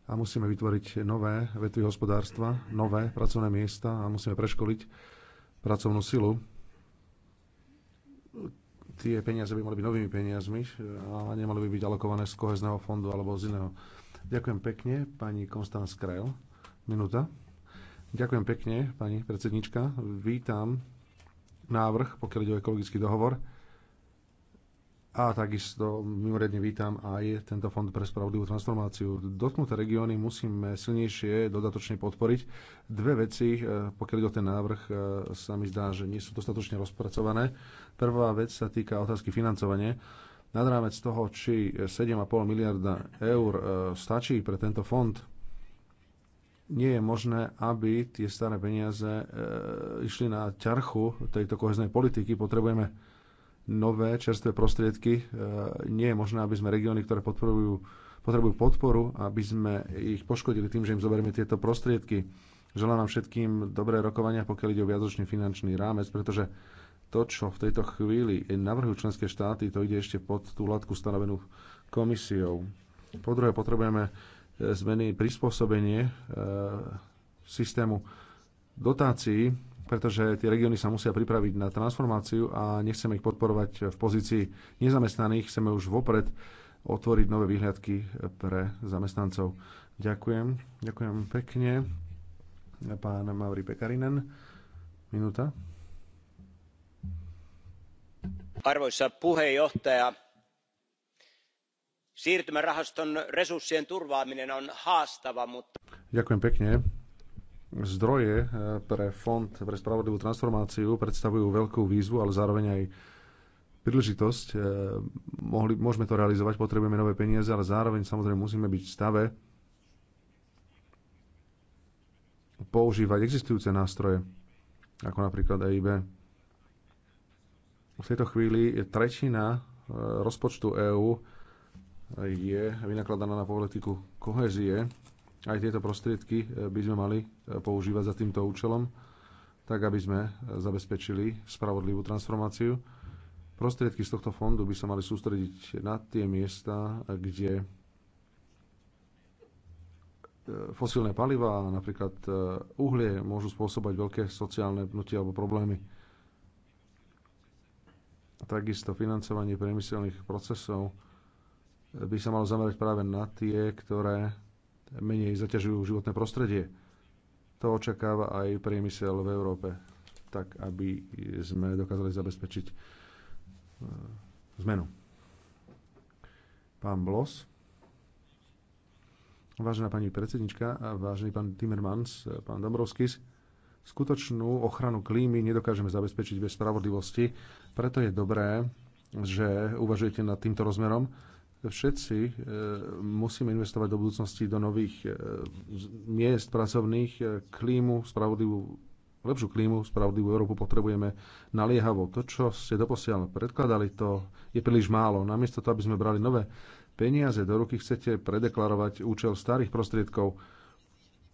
a musíme vytvoriť nové vetvy hospodárstva, nové pracovné miesta a musíme preškoliť pracovnú silu tie peniaze by mali byť novými peniazmi e, a nemali by byť alokované z kohezného fondu alebo z iného. Ďakujem pekne, pani Konstanz Krajl. Minúta. Ďakujem pekne, pani predsednička. Vítam návrh, pokiaľ ide o ekologický dohovor a takisto mimoriadne vítam aj tento fond pre spravodlivú transformáciu. Dotknuté regióny musíme silnejšie dodatočne podporiť. Dve veci, e, pokiaľ ide o ten návrh, e, sa mi zdá, že nie sú dostatočne rozpracované. Prvá vec sa týka otázky financovania nad rámec toho, či 7,5 miliarda eur e, stačí pre tento fond, nie je možné, aby tie staré peniaze išli na ťarchu tejto koheznej politiky. Potrebujeme nové čerstvé prostriedky. E, nie je možné, aby sme regióny, ktoré podporujú, potrebujú podporu, aby sme ich poškodili tým, že im zoberieme tieto prostriedky. Želám nám všetkým dobré rokovania, pokiaľ ide o viacročný finančný rámec, pretože to, čo v tejto chvíli navrhujú členské štáty, to ide ešte pod tú latku stanovenú komisiou. Po druhé, potrebujeme e, zmeny prispôsobenie e, systému dotácií pretože tie regióny sa musia pripraviť na transformáciu a nechceme ich podporovať v pozícii nezamestnaných, chceme už vopred otvoriť nové výhľadky pre zamestnancov. Ďakujem, ďakujem pekne. Pán Mauri Pekarinen, minúta. Arvoisa puheenjohtaja, siirtymärahaston resurssien turvaaminen on haastava, mutta... Ďakujem pekne Zdroje eh, pre Fond pre spravodlivú transformáciu predstavujú veľkú výzvu, ale zároveň aj príležitosť. Eh, mohli, môžeme to realizovať, potrebujeme nové peniaze, ale zároveň samozrejme musíme byť v stave používať existujúce nástroje, ako napríklad EIB. V tejto chvíli tretina eh, rozpočtu EÚ je vynakladaná na politiku kohézie aj tieto prostriedky e, by sme mali e, používať za týmto účelom, tak aby sme e, zabezpečili spravodlivú transformáciu. Prostriedky z tohto fondu by sa mali sústrediť na tie miesta, kde fosílne paliva, napríklad uhlie, môžu spôsobať veľké sociálne pnutie alebo problémy. Takisto financovanie priemyselných procesov by sa malo zamerať práve na tie, ktoré menej zaťažujú životné prostredie. To očakáva aj priemysel v Európe, tak aby sme dokázali zabezpečiť e, zmenu. Pán Blos. Vážená pani predsednička, vážený pán Timmermans, pán Dombrovskis, skutočnú ochranu klímy nedokážeme zabezpečiť bez spravodlivosti, preto je dobré, že uvažujete nad týmto rozmerom všetci e, musíme investovať do budúcnosti, do nových e, miest pracovných, e, klímu, spravodlivú, lepšiu klímu, spravodlivú Európu potrebujeme naliehavo. To, čo ste doposiaľ predkladali, to je príliš málo. Namiesto toho, aby sme brali nové peniaze do ruky, chcete predeklarovať účel starých prostriedkov.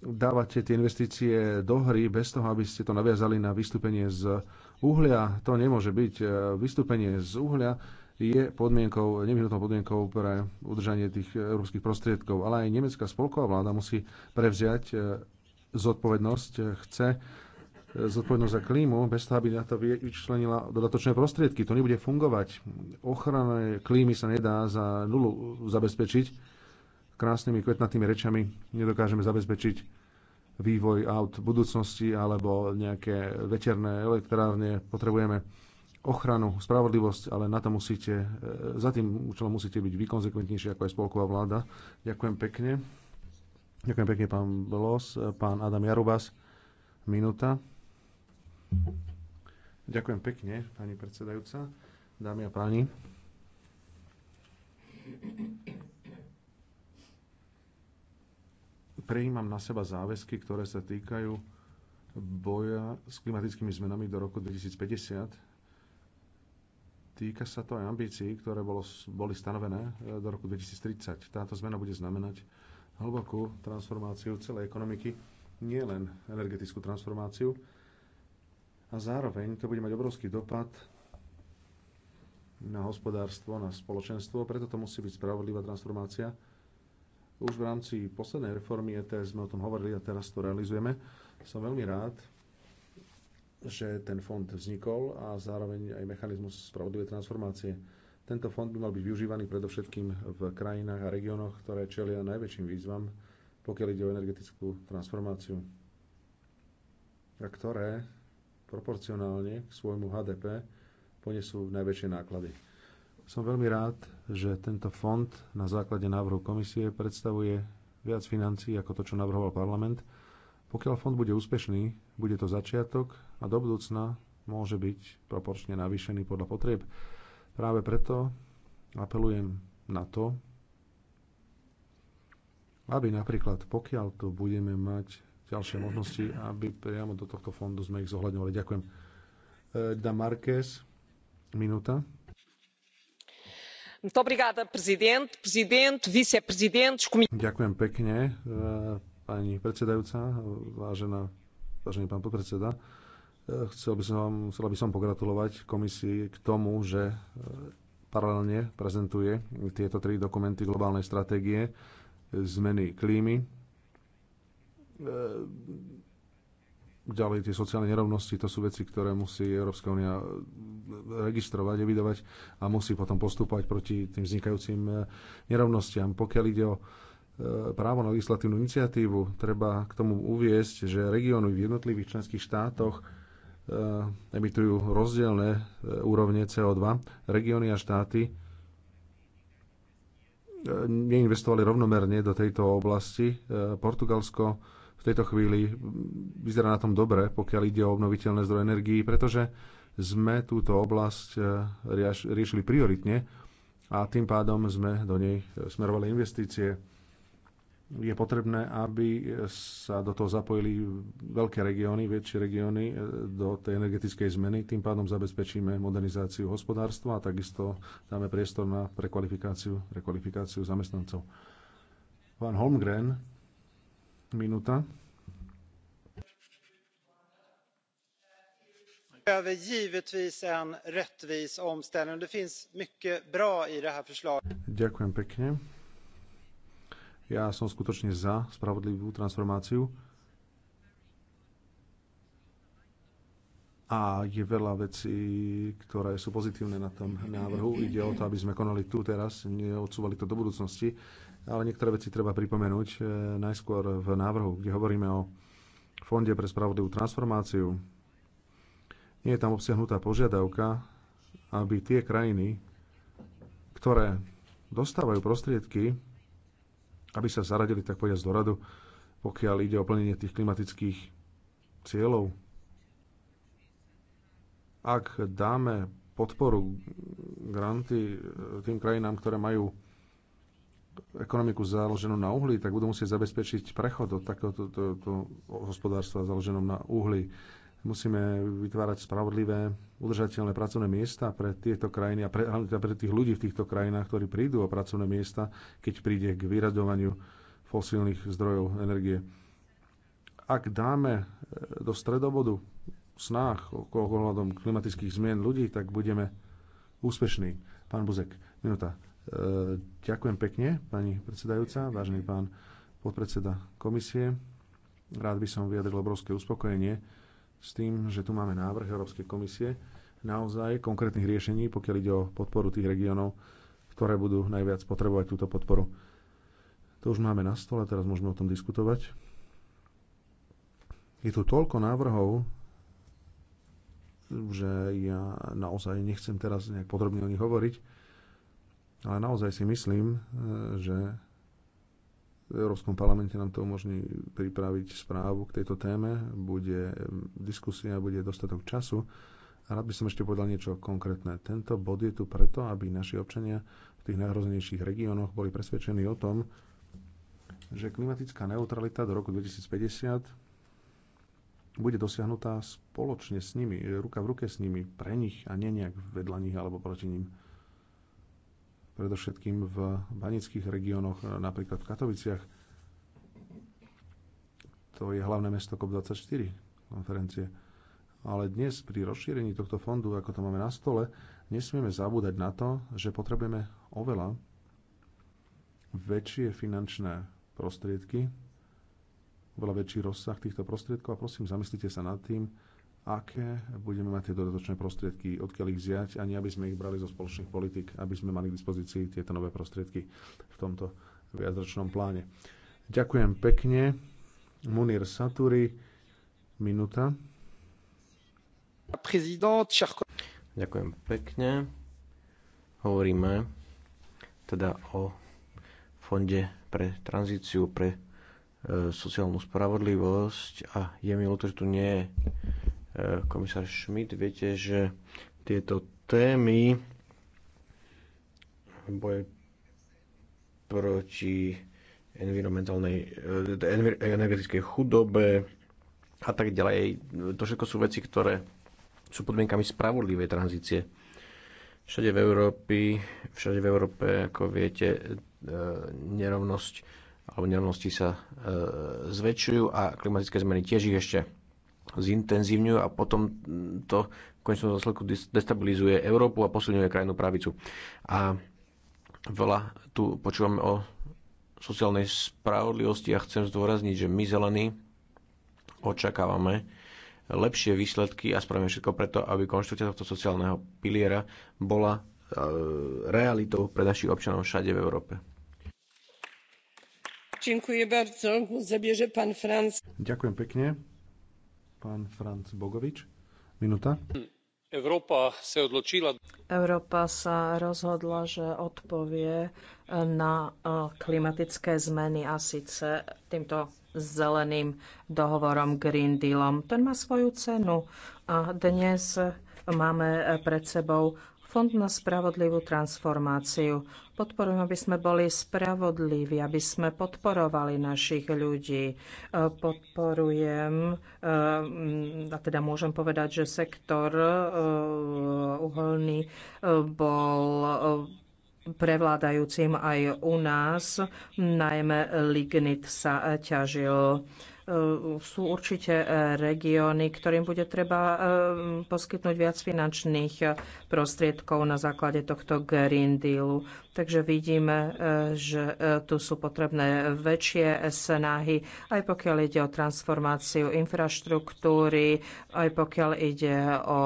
Dávate tie investície do hry bez toho, aby ste to naviazali na vystúpenie z uhlia. To nemôže byť. Vystúpenie z uhlia je podmienkou, nevyhnutnou podmienkou pre udržanie tých európskych prostriedkov. Ale aj nemecká spolková vláda musí prevziať e, zodpovednosť, e, chce e, zodpovednosť za klímu, bez toho, aby na to vyčlenila dodatočné prostriedky. To nebude fungovať. Ochrana klímy sa nedá za nulu zabezpečiť. Krásnymi kvetnatými rečami nedokážeme zabezpečiť vývoj aut budúcnosti alebo nejaké veterné elektrárne. Potrebujeme ochranu, spravodlivosť, ale na to musíte, e, za tým účelom musíte byť vykonzekventnejší ako aj spolková vláda. Ďakujem pekne. Ďakujem pekne, pán Belos, e, pán Adam Jarubas. Minúta. Ďakujem pekne, pani predsedajúca, dámy a páni. Prejímam na seba záväzky, ktoré sa týkajú boja s klimatickými zmenami do roku 2050 Týka sa to aj ambícií, ktoré bolo, boli stanovené e, do roku 2030. Táto zmena bude znamenať hlbokú transformáciu celej ekonomiky, nielen energetickú transformáciu. A zároveň to bude mať obrovský dopad na hospodárstvo, na spoločenstvo, preto to musí byť spravodlivá transformácia. Už v rámci poslednej reformy ETS sme o tom hovorili a teraz to realizujeme. Som veľmi rád, že ten fond vznikol a zároveň aj mechanizmus spravodlivej transformácie. Tento fond by mal byť využívaný predovšetkým v krajinách a regiónoch, ktoré čelia najväčším výzvam, pokiaľ ide o energetickú transformáciu a ktoré proporcionálne k svojmu HDP ponesú najväčšie náklady. Som veľmi rád, že tento fond na základe návrhu komisie predstavuje viac financií ako to, čo navrhoval parlament. Pokiaľ fond bude úspešný, bude to začiatok a do budúcna môže byť proporčne navýšený podľa potrieb. Práve preto apelujem na to, aby napríklad pokiaľ tu budeme mať ďalšie možnosti, aby priamo do tohto fondu sme ich zohľadňovali. Ďakujem. Eh, da Marquez, minúta. Ďakujem pekne, eh, pani predsedajúca, vážená, vážený pán podpredseda Eh, chcel by som, chcel by som pogratulovať komisii k tomu, že eh, paralelne prezentuje tieto tri dokumenty globálnej stratégie eh, zmeny klímy, ďalej tie sociálne nerovnosti, to sú veci, ktoré musí Európska únia registrovať, evidovať a musí potom postupovať proti tým vznikajúcim nerovnostiam. Pokiaľ ide o právo na legislatívnu iniciatívu, treba k tomu uviesť, že regióny v jednotlivých členských štátoch E, emitujú rozdielne e, úrovne CO2. Regióny a štáty e, neinvestovali rovnomerne do tejto oblasti. Portugalsko v tejto chvíli vyzerá na tom dobre, pokiaľ ide o obnoviteľné zdroje energií, pretože sme túto oblasť riešili prioritne a tým pádom sme do nej smerovali investície je potrebné, aby sa do toho zapojili veľké regióny, väčšie regióny e, do tej energetickej zmeny. Tým pádom zabezpečíme modernizáciu hospodárstva a takisto dáme priestor na prekvalifikáciu, prekvalifikáciu zamestnancov. Pán Holmgren, minúta. Ďakujem pekne. Ja som skutočne za spravodlivú transformáciu. A je veľa vecí, ktoré sú pozitívne na tom návrhu. Ide o to, aby sme konali tu teraz, neodsúvali to do budúcnosti. Ale niektoré veci treba pripomenúť. E, najskôr v návrhu, kde hovoríme o Fonde pre spravodlivú transformáciu, nie je tam obsiahnutá požiadavka, aby tie krajiny, ktoré dostávajú prostriedky aby sa zaradili, tak povedať, do radu, pokiaľ ide o plnenie tých klimatických cieľov. Ak dáme podporu, granty e, tým krajinám, ktoré majú ekonomiku založenú na uhli, tak budú musieť zabezpečiť prechod od takéhoto to, to hospodárstva založenom na uhli. Musíme vytvárať spravodlivé, udržateľné pracovné miesta pre tieto krajiny a pre, teda pre tých ľudí v týchto krajinách, ktorí prídu o pracovné miesta, keď príde k vyraďovaniu fosílnych zdrojov energie. Ak dáme e, do stredobodu snách okolo ohľadom klimatických zmien ľudí, tak budeme úspešní. Pán Buzek, minúta. E, ďakujem pekne, pani predsedajúca, vážený pán podpredseda komisie. Rád by som vyjadril obrovské uspokojenie s tým, že tu máme návrh Európskej komisie naozaj konkrétnych riešení, pokiaľ ide o podporu tých regiónov, ktoré budú najviac potrebovať túto podporu. To už máme na stole, teraz môžeme o tom diskutovať. Je tu toľko návrhov, že ja naozaj nechcem teraz nejak podrobne o nich hovoriť, ale naozaj si myslím, e, že v Európskom parlamente nám to umožní pripraviť správu k tejto téme. Bude diskusia, bude dostatok času. A rád by som ešte povedal niečo konkrétne. Tento bod je tu preto, aby naši občania v tých najhroznejších regiónoch boli presvedčení o tom, že klimatická neutralita do roku 2050 bude dosiahnutá spoločne s nimi, ruka v ruke s nimi, pre nich a nie nejak vedľa nich alebo proti nim predovšetkým v banických regiónoch, napríklad v Katoviciach. To je hlavné mesto COP24 konferencie. Ale dnes pri rozšírení tohto fondu, ako to máme na stole, nesmieme zabúdať na to, že potrebujeme oveľa väčšie finančné prostriedky, oveľa väčší rozsah týchto prostriedkov a prosím, zamyslite sa nad tým, aké budeme mať tie dodatočné prostriedky, odkiaľ ich vziať, ani aby sme ich brali zo spoločných politik, aby sme mali k dispozícii tieto nové prostriedky v tomto viacročnom pláne. Ďakujem pekne. Munir Saturi, minúta. Ďakujem pekne. Hovoríme teda o Fonde pre tranzíciu, pre e, sociálnu spravodlivosť a je mi ľúto, že tu nie je Eh, komisár Schmidt, viete, že tieto témy boje proti environmentálnej, eh, energetickej chudobe a tak ďalej. To všetko sú veci, ktoré sú podmienkami spravodlivej tranzície. Všade v Európe, všade v Európe, ako viete, eh, nerovnosť alebo nerovnosti sa zväčšujú a klimatické zmeny tiež ich ešte zintenzívňujú a potom to v konečnom dôsledku destabilizuje Európu a posilňuje krajnú pravicu. A veľa tu počúvame o sociálnej spravodlivosti a chcem zdôrazniť, že my zelení očakávame lepšie výsledky a spravíme všetko preto, aby konštrukcia tohto sociálneho piliera bola e, realitou pre našich občanov všade v Európe. Ďakujem pekne. Pán Franc Bogovič, minúta. Európa sa odločila. Európa sa rozhodla, že odpovie na e, klimatické zmeny a síce týmto zeleným dohovorom Green Dealom. Ten má svoju cenu a dnes máme e, pred sebou Fond na spravodlivú transformáciu. Podporujem, aby sme boli spravodliví, aby sme podporovali našich ľudí. E, podporujem, e, a teda môžem povedať, že sektor uholný bol prevládajúcim aj u nás, najmä lignit sa ťažil. E, sú určite e, regióny, ktorým bude treba e, poskytnúť viac finančných prostriedkov na základe tohto Green Dealu. Takže vidíme, že tu sú potrebné väčšie snahy, aj pokiaľ ide o transformáciu infraštruktúry, aj pokiaľ ide o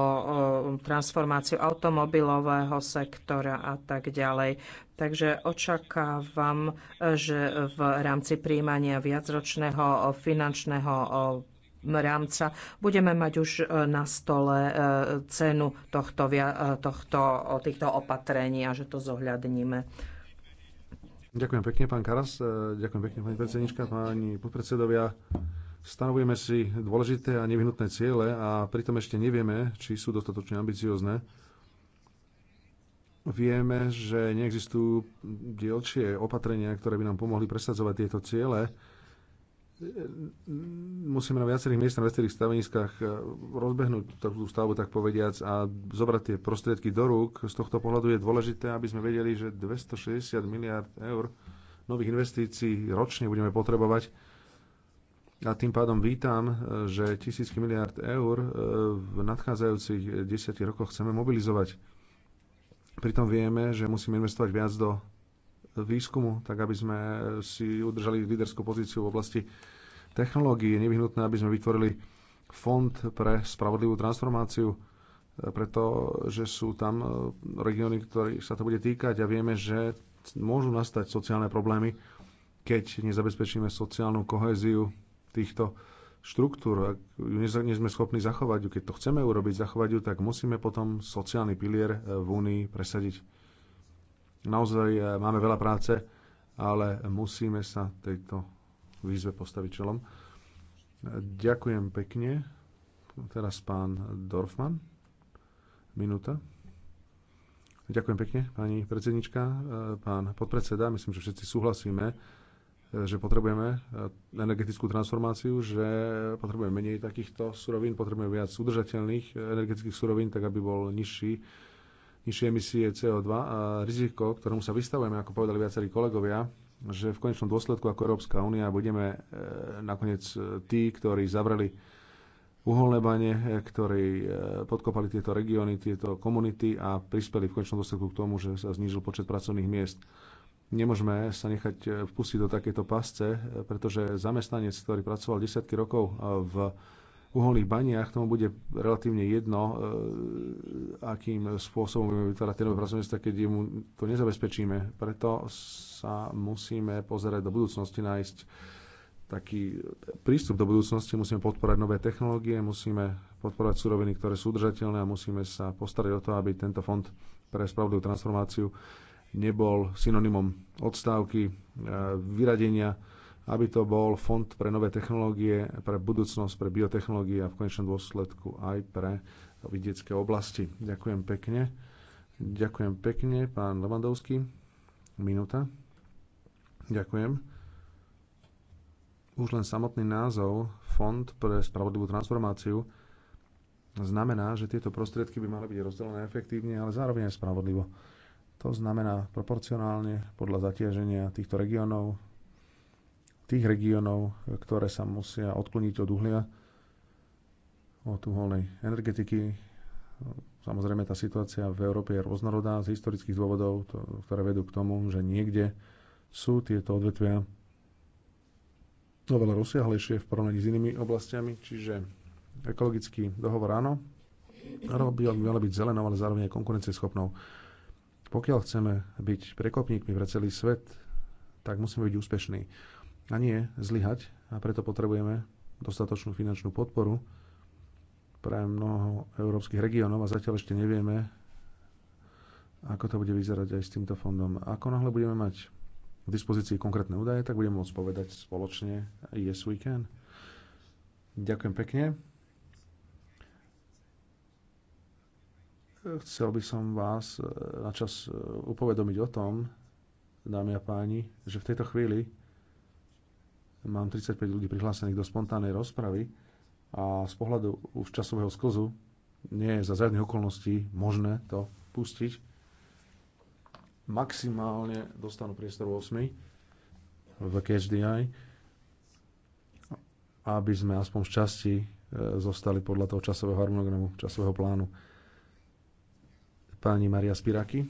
transformáciu automobilového sektora a tak ďalej. Takže očakávam, že v rámci príjmania viacročného finančného rámca budeme mať už e, na stole e, cenu tohto, e, tohto, týchto opatrení a že to zohľadníme. Ďakujem pekne, pán Karas. Ďakujem pekne, pani predsednička, pani podpredsedovia. Stanovujeme si dôležité a nevyhnutné ciele a pritom ešte nevieme, či sú dostatočne ambiciozne Vieme, že neexistujú dielčie opatrenia, ktoré by nám pomohli presadzovať tieto ciele. Musíme na viacerých miestach, na viacerých staveniskách eh, rozbehnúť takú stavbu, tak povediac, a zobrať tie prostriedky do rúk. Z tohto pohľadu je dôležité, aby sme vedeli, že 260 miliard eur nových investícií ročne budeme potrebovať. A tým pádom vítam, eh, že tisícky miliard eur eh, v nadchádzajúcich desiatich rokoch chceme mobilizovať Pritom vieme, že musíme investovať viac do výskumu, tak aby sme si udržali líderskú pozíciu v oblasti technológií. Je nevyhnutné, aby sme vytvorili fond pre spravodlivú transformáciu, pretože sú tam e, regióny, ktorých sa to bude týkať a vieme, že môžu nastať sociálne problémy, keď nezabezpečíme sociálnu kohéziu týchto štruktúru, ak nie sme schopní zachovať keď to chceme urobiť, zachovať ju, tak musíme potom sociálny pilier eh, v Únii presadiť. Naozaj eh, máme veľa práce, ale musíme sa tejto výzve postaviť čelom. Ďakujem pekne. Teraz pán Dorfman. Minúta. Ďakujem pekne, pani predsednička, eh, pán podpredseda. Myslím, že všetci súhlasíme že potrebujeme e, energetickú transformáciu, že potrebujeme menej takýchto surovín, potrebujeme viac udržateľných energetických surovín, tak aby bol nižší, nižšie emisie CO2. A riziko, ktorému sa vystavujeme, ako povedali viacerí kolegovia, že v konečnom dôsledku ako Európska únia budeme e, nakoniec e, tí, ktorí zavreli uholné bane, ktorí podkopali tieto regióny, tieto komunity a prispeli v konečnom dôsledku k tomu, že sa znížil počet pracovných miest. Nemôžeme sa nechať e, vpustiť do takéto pasce, e, pretože zamestnanec, ktorý pracoval desiatky rokov e, v uholných baniach, tomu bude relatívne jedno, akým spôsobom budeme vytvárať tie nové pracovné miesta, keď mu to nezabezpečíme. Preto sa musíme pozerať do budúcnosti, nájsť taký prístup do budúcnosti, musíme podporať nové technológie, musíme podporovať suroviny, ktoré sú udržateľné a musíme sa postarať o to, aby tento fond pre spravodlivú transformáciu nebol synonymom odstávky, e, vyradenia, aby to bol fond pre nové technológie, pre budúcnosť, pre biotechnológie a v konečnom dôsledku aj pre vidiecké oblasti. Ďakujem pekne. Ďakujem pekne, pán Levandovský. Minúta. Ďakujem. Už len samotný názov Fond pre spravodlivú transformáciu znamená, že tieto prostriedky by mali byť rozdelené efektívne, ale zároveň aj spravodlivo to znamená proporcionálne podľa zatiaženia týchto regiónov, tých regiónov, ktoré sa musia odkloniť od uhlia, od uholnej energetiky. Samozrejme, tá situácia v Európe je rôznorodá z historických dôvodov, to, ktoré vedú k tomu, že niekde sú tieto odvetvia oveľa rozsiahlejšie v porovnaní s inými oblastiami, čiže ekologický dohovor áno, robil by mala byť zelenou, ale zároveň aj konkurencieschopnou. Pokiaľ chceme byť prekopníkmi pre celý svet, tak musíme byť úspešní a nie zlyhať a preto potrebujeme dostatočnú finančnú podporu pre mnoho európskych regiónov a zatiaľ ešte nevieme, ako to bude vyzerať aj s týmto fondom. Ako náhle budeme mať k dispozícii konkrétne údaje, tak budeme môcť povedať spoločne yes we can. Ďakujem pekne. Chcel by som vás e, na čas e, upovedomiť o tom, dámy a páni, že v tejto chvíli mám 35 ľudí prihlásených do spontánnej rozpravy a z pohľadu už časového sklzu nie je za žiadnych okolností možné to pustiť. Maximálne dostanú priestor 8 v KSDI, aby sme aspoň v časti e, zostali podľa toho časového harmonogramu, časového plánu. Pani Maria Spiraki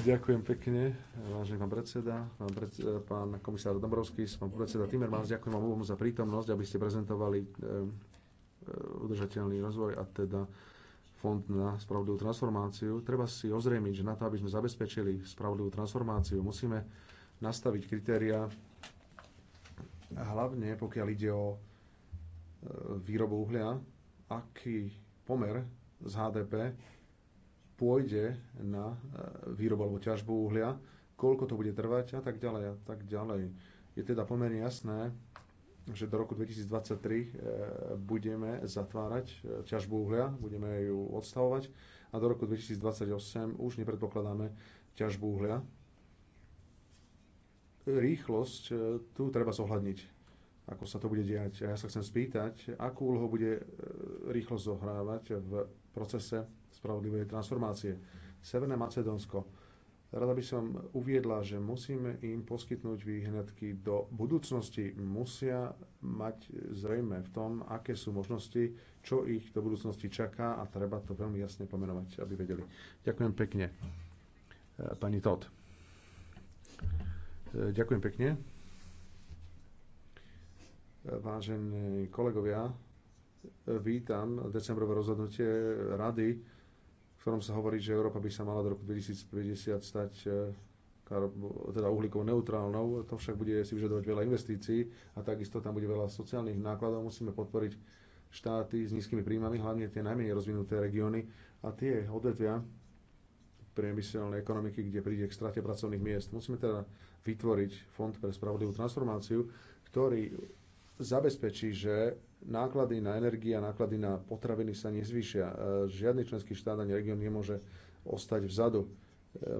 ďakujem pekne vážený pán predseda pán komisár dombrovskis pán predseda timmermans ďakujem vám obom za prítomnosť aby ste prezentovali e, e, udržateľný rozvoj a teda fond na spravodlivú transformáciu. Treba si ozrejmiť, že na to, aby sme zabezpečili spravodlivú transformáciu, musíme nastaviť kritéria hlavne pokiaľ ide o výrobu uhlia, aký pomer z HDP pôjde na e, výrobu alebo ťažbu uhlia, koľko to bude trvať a tak ďalej a tak ďalej. Je teda pomerne jasné, že do roku 2023 e, budeme zatvárať e, ťažbu uhlia, budeme ju odstavovať a do roku 2028 už nepredpokladáme ťažbu uhlia. Rýchlosť tu treba zohľadniť ako sa to bude diať. A ja sa chcem spýtať, akú úlohu bude e, rýchlo zohrávať v procese spravodlivej transformácie. Severné Macedónsko. Rada by som uviedla, že musíme im poskytnúť výhľadky do budúcnosti. Musia mať e, zrejme v tom, aké sú možnosti, čo ich do budúcnosti čaká a treba to veľmi jasne pomenovať, aby vedeli. Ďakujem pekne. E, pani Todd. Ďakujem pekne. Vážení kolegovia, vítam decembrové rozhodnutie Rady, v ktorom sa hovorí, že Európa by sa mala do roku 2050 stať e, teda uhlíkovo neutrálnou. To však bude si vyžadovať veľa investícií a takisto tam bude veľa sociálnych nákladov. Musíme podporiť štáty s nízkymi príjmami, hlavne tie najmenej rozvinuté regióny a tie odvetvia, priemyselnej ekonomiky, kde príde k strate pracovných miest. Musíme teda vytvoriť fond pre spravodlivú transformáciu, ktorý zabezpečí, že náklady na energie a náklady na potraviny sa nezvýšia. E, žiadny členský štát ani región nemôže ostať vzadu. E,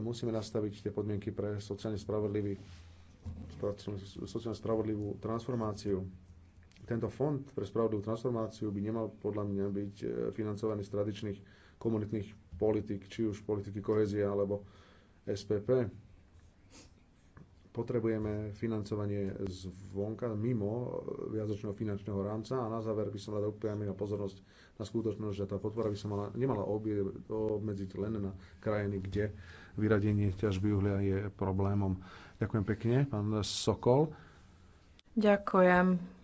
musíme nastaviť tie podmienky pre sociálne, spravodlivý, sociálne spravodlivú transformáciu. Tento fond pre spravodlivú transformáciu by nemal podľa mňa byť e, financovaný z tradičných komunitných politik, či už politiky kohezie alebo SPP potrebujeme financovanie zvonka, mimo viacočného finančného rámca a na záver by som rád upriamil pozornosť na skutočnosť, že tá podpora by sa mala, nemala obie, obmedziť len na krajiny, kde vyradenie ťažby uhlia je problémom. Ďakujem pekne, pán Sokol. Ďakujem.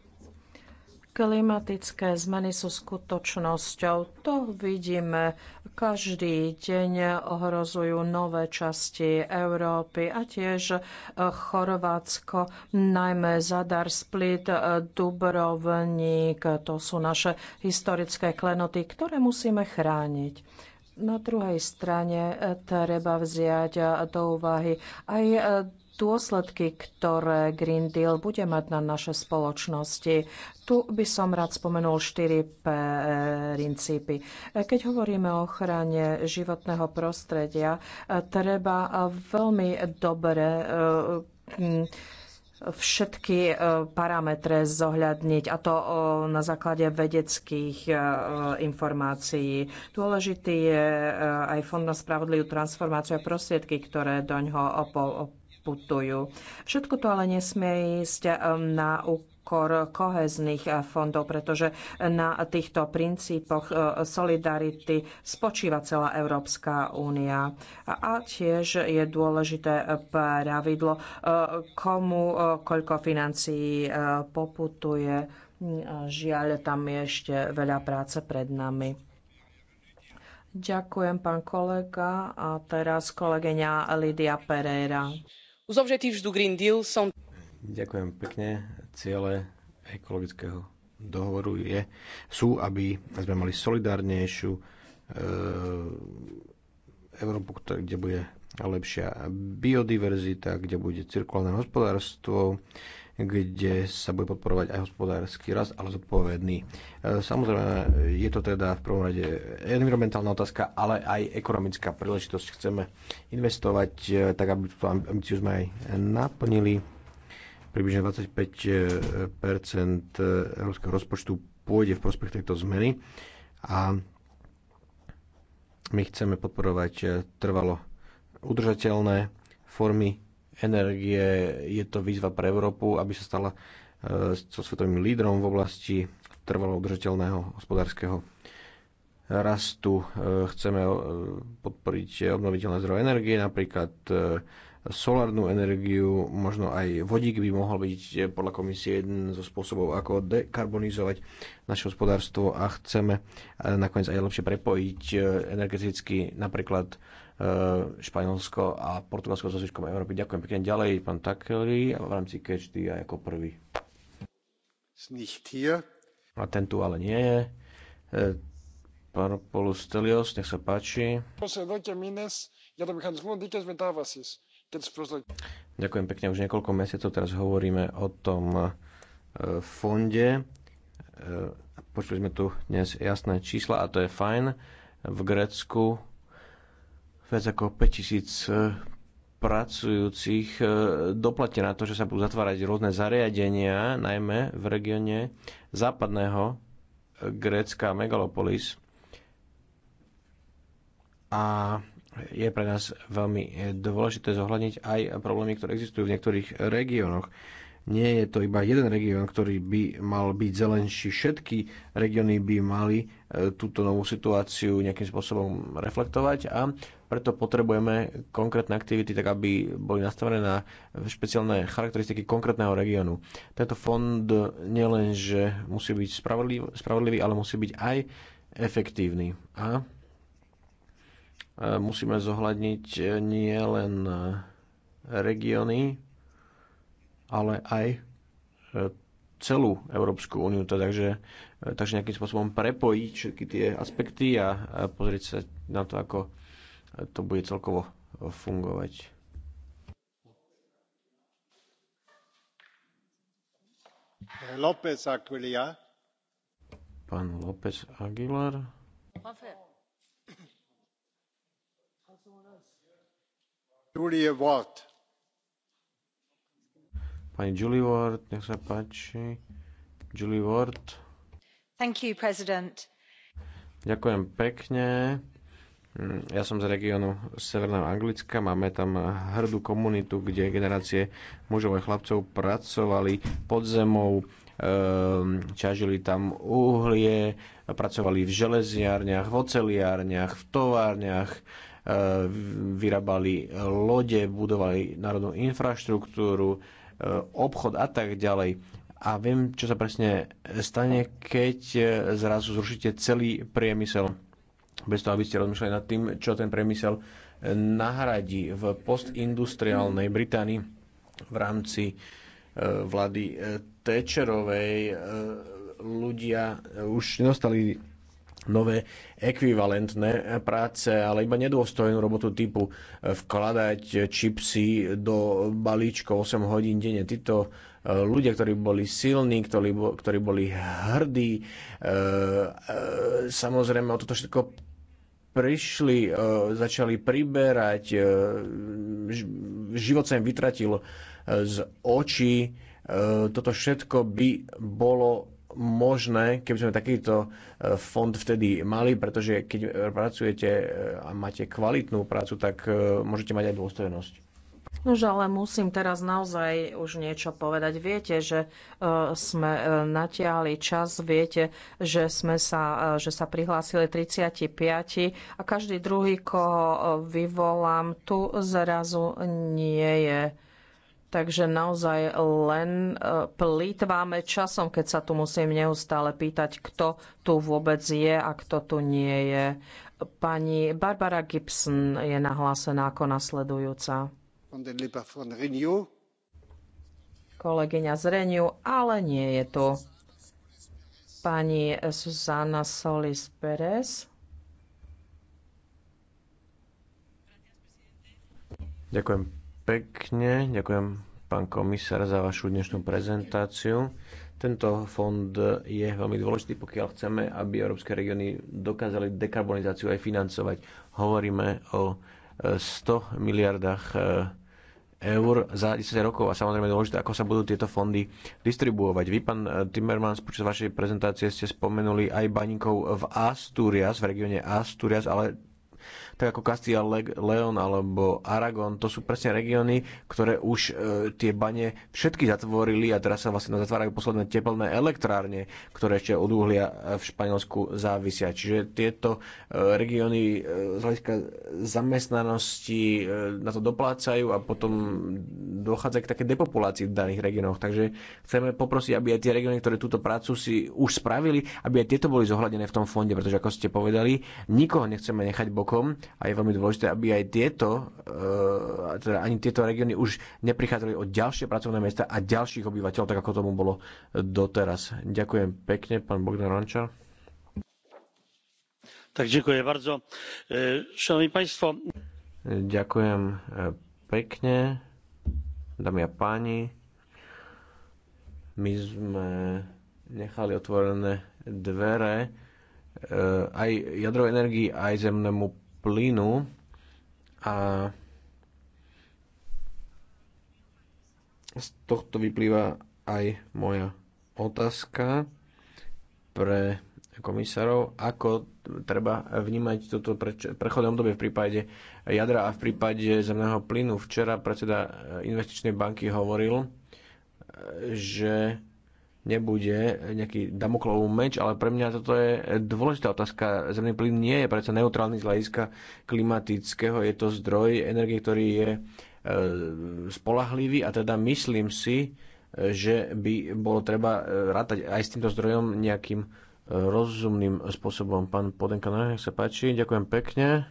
Klimatické zmeny sú skutočnosťou. To vidíme každý deň. Ohrozujú nové časti Európy a tiež Chorvátsko, najmä Zadar, Split, Dubrovník. To sú naše historické klenoty, ktoré musíme chrániť. Na druhej strane treba vziať do úvahy aj dôsledky, ktoré Green Deal bude mať na naše spoločnosti. Tu by som rád spomenul štyri princípy. Keď hovoríme o ochrane životného prostredia, treba veľmi dobre eh, všetky eh, parametre zohľadniť, a to eh, na základe vedeckých informácií. Dôležitý je aj Fond na spravodlivú transformáciu a prostriedky, ktoré do ňoho putujú. Všetko to ale nesmie ísť um, na úkor kohezných uh, fondov, pretože na týchto princípoch uh, solidarity spočíva celá Európska únia. A tiež je dôležité pravidlo, uh, komu koľko financií poputuje. Mm, žiaľ, tam je ešte veľa práce pred nami. Ďakujem, pán kolega. A teraz kolegyňa Lidia Pereira. Os objetivos do Green Deal são... Ďakujem pekne. Ciele ekologického dohovoru je, sú, aby sme mali solidárnejšiu e, Európu, kde bude lepšia biodiverzita, kde bude cirkulárne hospodárstvo, kde sa bude podporovať aj hospodársky rast, ale zodpovedný. E, samozrejme, je to teda v prvom rade environmentálna otázka, ale aj ekonomická príležitosť. Chceme investovať e, tak, aby túto ambíciu sme aj naplnili. Približne 25 e, európskeho rozpočtu pôjde v prospech tejto zmeny a my chceme podporovať trvalo udržateľné formy energie. Je to výzva pre Európu, aby sa stala eh, so svetovým lídrom v oblasti trvalo udržateľného hospodárskeho rastu. Eh, chceme eh, podporiť obnoviteľné zdroje energie, napríklad solárnu energiu, možno aj vodík by mohol byť podľa komisie jeden zo spôsobov, ako dekarbonizovať naše hospodárstvo a chceme nakoniec aj lepšie prepojiť energeticky napríklad E, Španielsko a Portugalsko so zvyškom Európy. Ďakujem pekne. Ďalej pán Takeli v rámci Catch a ako prvý. A ten tu ale nie je. E, pán Polus Telios, nech sa páči. Ďakujem pekne. Už niekoľko mesiacov teraz hovoríme o tom e, fonde. Počuli sme tu dnes jasné čísla a to je fajn. V Grécku viac ako 5000 e, pracujúcich e, Doplatí na to, že sa budú zatvárať rôzne zariadenia, najmä v regióne západného e, Grécka Megalopolis. A je pre nás veľmi dôležité zohľadniť aj problémy, ktoré existujú v niektorých regiónoch. Nie je to iba jeden región, ktorý by mal byť zelenší. Všetky regióny by mali e, túto novú situáciu nejakým spôsobom reflektovať a preto potrebujeme konkrétne aktivity, tak aby boli nastavené na špeciálne charakteristiky konkrétneho regiónu. Tento fond nielenže musí byť spravodlivý, spravodlivý, ale musí byť aj efektívny. A e, musíme zohľadniť e, nielen regióny, ale aj e, celú Európsku úniu, teda, takže, e, takže nejakým spôsobom prepojiť všetky tie aspekty a pozrieť sa na to, ako e, to bude celkovo fungovať. López Aguilar. Pán López Aguilar. Julie Watt Pani Julie Ward, nech sa páči. Julie Ward. Thank you, President. Ďakujem pekne. Mm, ja som z regiónu Severného Anglicka, máme tam hrdú komunitu, kde generácie mužov a chlapcov pracovali pod zemou, ehm, ťažili tam uhlie, pracovali v železiarniach, v oceliárniach, v továrniach, ehm, vyrábali lode, budovali národnú infraštruktúru, E, obchod a tak ďalej. A viem, čo sa presne stane, keď e, zrazu zrušíte celý priemysel. Bez toho, aby ste rozmýšľali nad tým, čo ten priemysel e, nahradí v postindustriálnej Británii v rámci vlády Tečerovej ľudia už nedostali nové ekvivalentné práce, ale iba nedôstojnú robotu typu eh, vkladať čipsy do balíčkov 8 hodín denne. Títo eh, ľudia, ktorí boli silní, ktorí, ktorí boli hrdí. Eh, samozrejme o toto všetko prišli, začali priberať, život sa im vytratil z očí. toto všetko by bolo možné, keby sme takýto e, fond vtedy mali, pretože keď pracujete e, a máte kvalitnú prácu, tak e, môžete mať aj dôstojnosť. Nož ale musím teraz naozaj už niečo povedať. Viete, že sme natiahli čas, viete, že, sme sa, že sa prihlásili 35 a každý druhý, koho vyvolám, tu zrazu nie je Takže naozaj len e, plýtváme časom, keď sa tu musím neustále pýtať, kto tu vôbec je a kto tu nie je. Pani Barbara Gibson je nahlásená ako nasledujúca. Kolegyňa z Reniu, ale nie je tu. Pani Susana Solis Perez. Ďakujem, pekne. Ďakujem, pán komisár, za vašu dnešnú prezentáciu. Tento fond je veľmi dôležitý, pokiaľ chceme, aby európske regióny dokázali dekarbonizáciu aj financovať. Hovoríme o 100 e, miliardách e, eur za 10 rokov a samozrejme dôležité, ako sa budú tieto fondy distribuovať. Vy, pán e, Timmermans, počas vašej prezentácie ste spomenuli aj baníkov v Asturias, v regióne Asturias, ale tak ako Castilla, León alebo Aragon, to sú presne regióny, ktoré už e, tie bane všetky zatvorili a teraz sa vlastne zatvárajú posledné teplné elektrárne, ktoré ešte od uhlia e, v Španielsku závisia. Čiže tieto e, regióny e, z hľadiska zamestnanosti e, na to doplácajú a potom dochádza k také depopulácii v daných regiónoch. Takže chceme poprosiť, aby aj tie regióny, ktoré túto prácu si už spravili, aby aj tieto boli zohľadené v tom fonde, pretože ako ste povedali, nikoho nechceme nechať bokom rokom a je veľmi dôležité, aby aj tieto, eh, teda ani tieto regióny už neprichádzali o ďalšie pracovné miesta a ďalších obyvateľov, tak ako tomu bolo doteraz. Ďakujem pekne, pán Bogdan Rančar. Tak ďakujem bardzo. Eh, szanowni Państwo. Ďakujem eh, pekne, dámy a páni. My sme nechali otvorené dvere aj jadrovej energii, aj zemnému plynu a z tohto vyplýva aj moja otázka pre komisárov, ako treba vnímať toto prechodné obdobie v prípade jadra a v prípade zemného plynu. Včera predseda investičnej banky hovoril, že nebude nejaký damoklov meč, ale pre mňa toto je dôležitá otázka. Zemný plyn nie je predsa neutrálny z hľadiska klimatického, je to zdroj energie, ktorý je e, spolahlivý a teda myslím si, že by bolo treba e, rátať aj s týmto zdrojom nejakým e, rozumným spôsobom. Pán Podenka, no, nech sa páči, ďakujem pekne.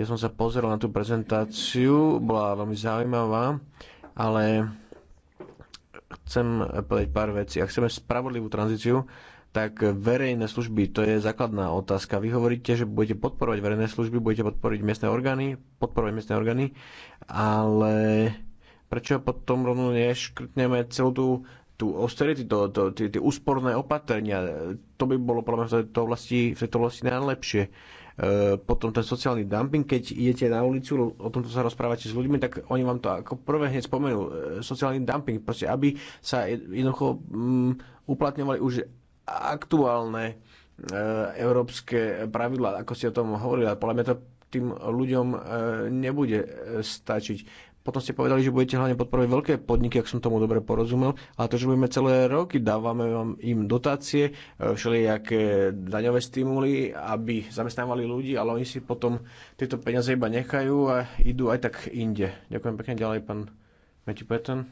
Ja som sa pozrel na tú prezentáciu, bola veľmi zaujímavá, ale chcem povedať pár vecí. Ak chceme spravodlivú tranzíciu, tak verejné služby, to je základná otázka. Vy hovoríte, že budete podporovať verejné služby, budete podporiť miestne orgány, podporovať miestne orgány, ale prečo potom rovno neškrtneme celú tú, tú austerity, to, to, tie, tie úsporné opatrenia? To by bolo podľa mňa v tejto oblasti, v tejto oblasti najlepšie. E, potom ten sociálny dumping, keď idete na ulicu, o tomto sa rozprávate s ľuďmi, tak oni vám to ako prvé hneď spomenú. E, sociálny dumping, proste aby sa e, jednoducho mm, uplatňovali už aktuálne európske pravidlá, ako ste o tom hovorili, ale podľa mňa to tým ľuďom nebude stačiť. Potom ste povedali, že budete hlavne podporovať veľké podniky, ak som tomu dobre porozumel, ale to, že budeme celé roky, dávame vám im dotácie, e, všelijaké daňové stimuly, aby zamestnávali ľudí, ale oni si potom tieto peniaze iba nechajú a idú aj tak inde. Ďakujem pekne ďalej, pán Matthew Patton.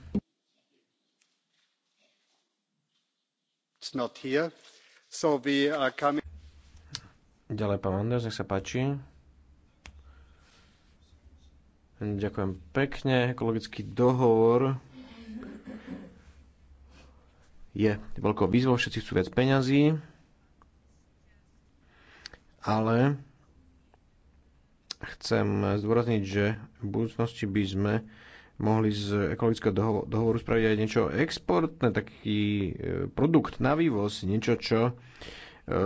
It's not here. So we are coming... Ďalej, pán Anders, nech sa páči. Ďakujem pekne. Ekologický dohovor je veľkou výzvou, všetci chcú viac peňazí, ale chcem zdôrazniť, že v budúcnosti by sme mohli z ekologického dohovoru spraviť aj niečo exportné, taký e, produkt na vývoz, niečo, čo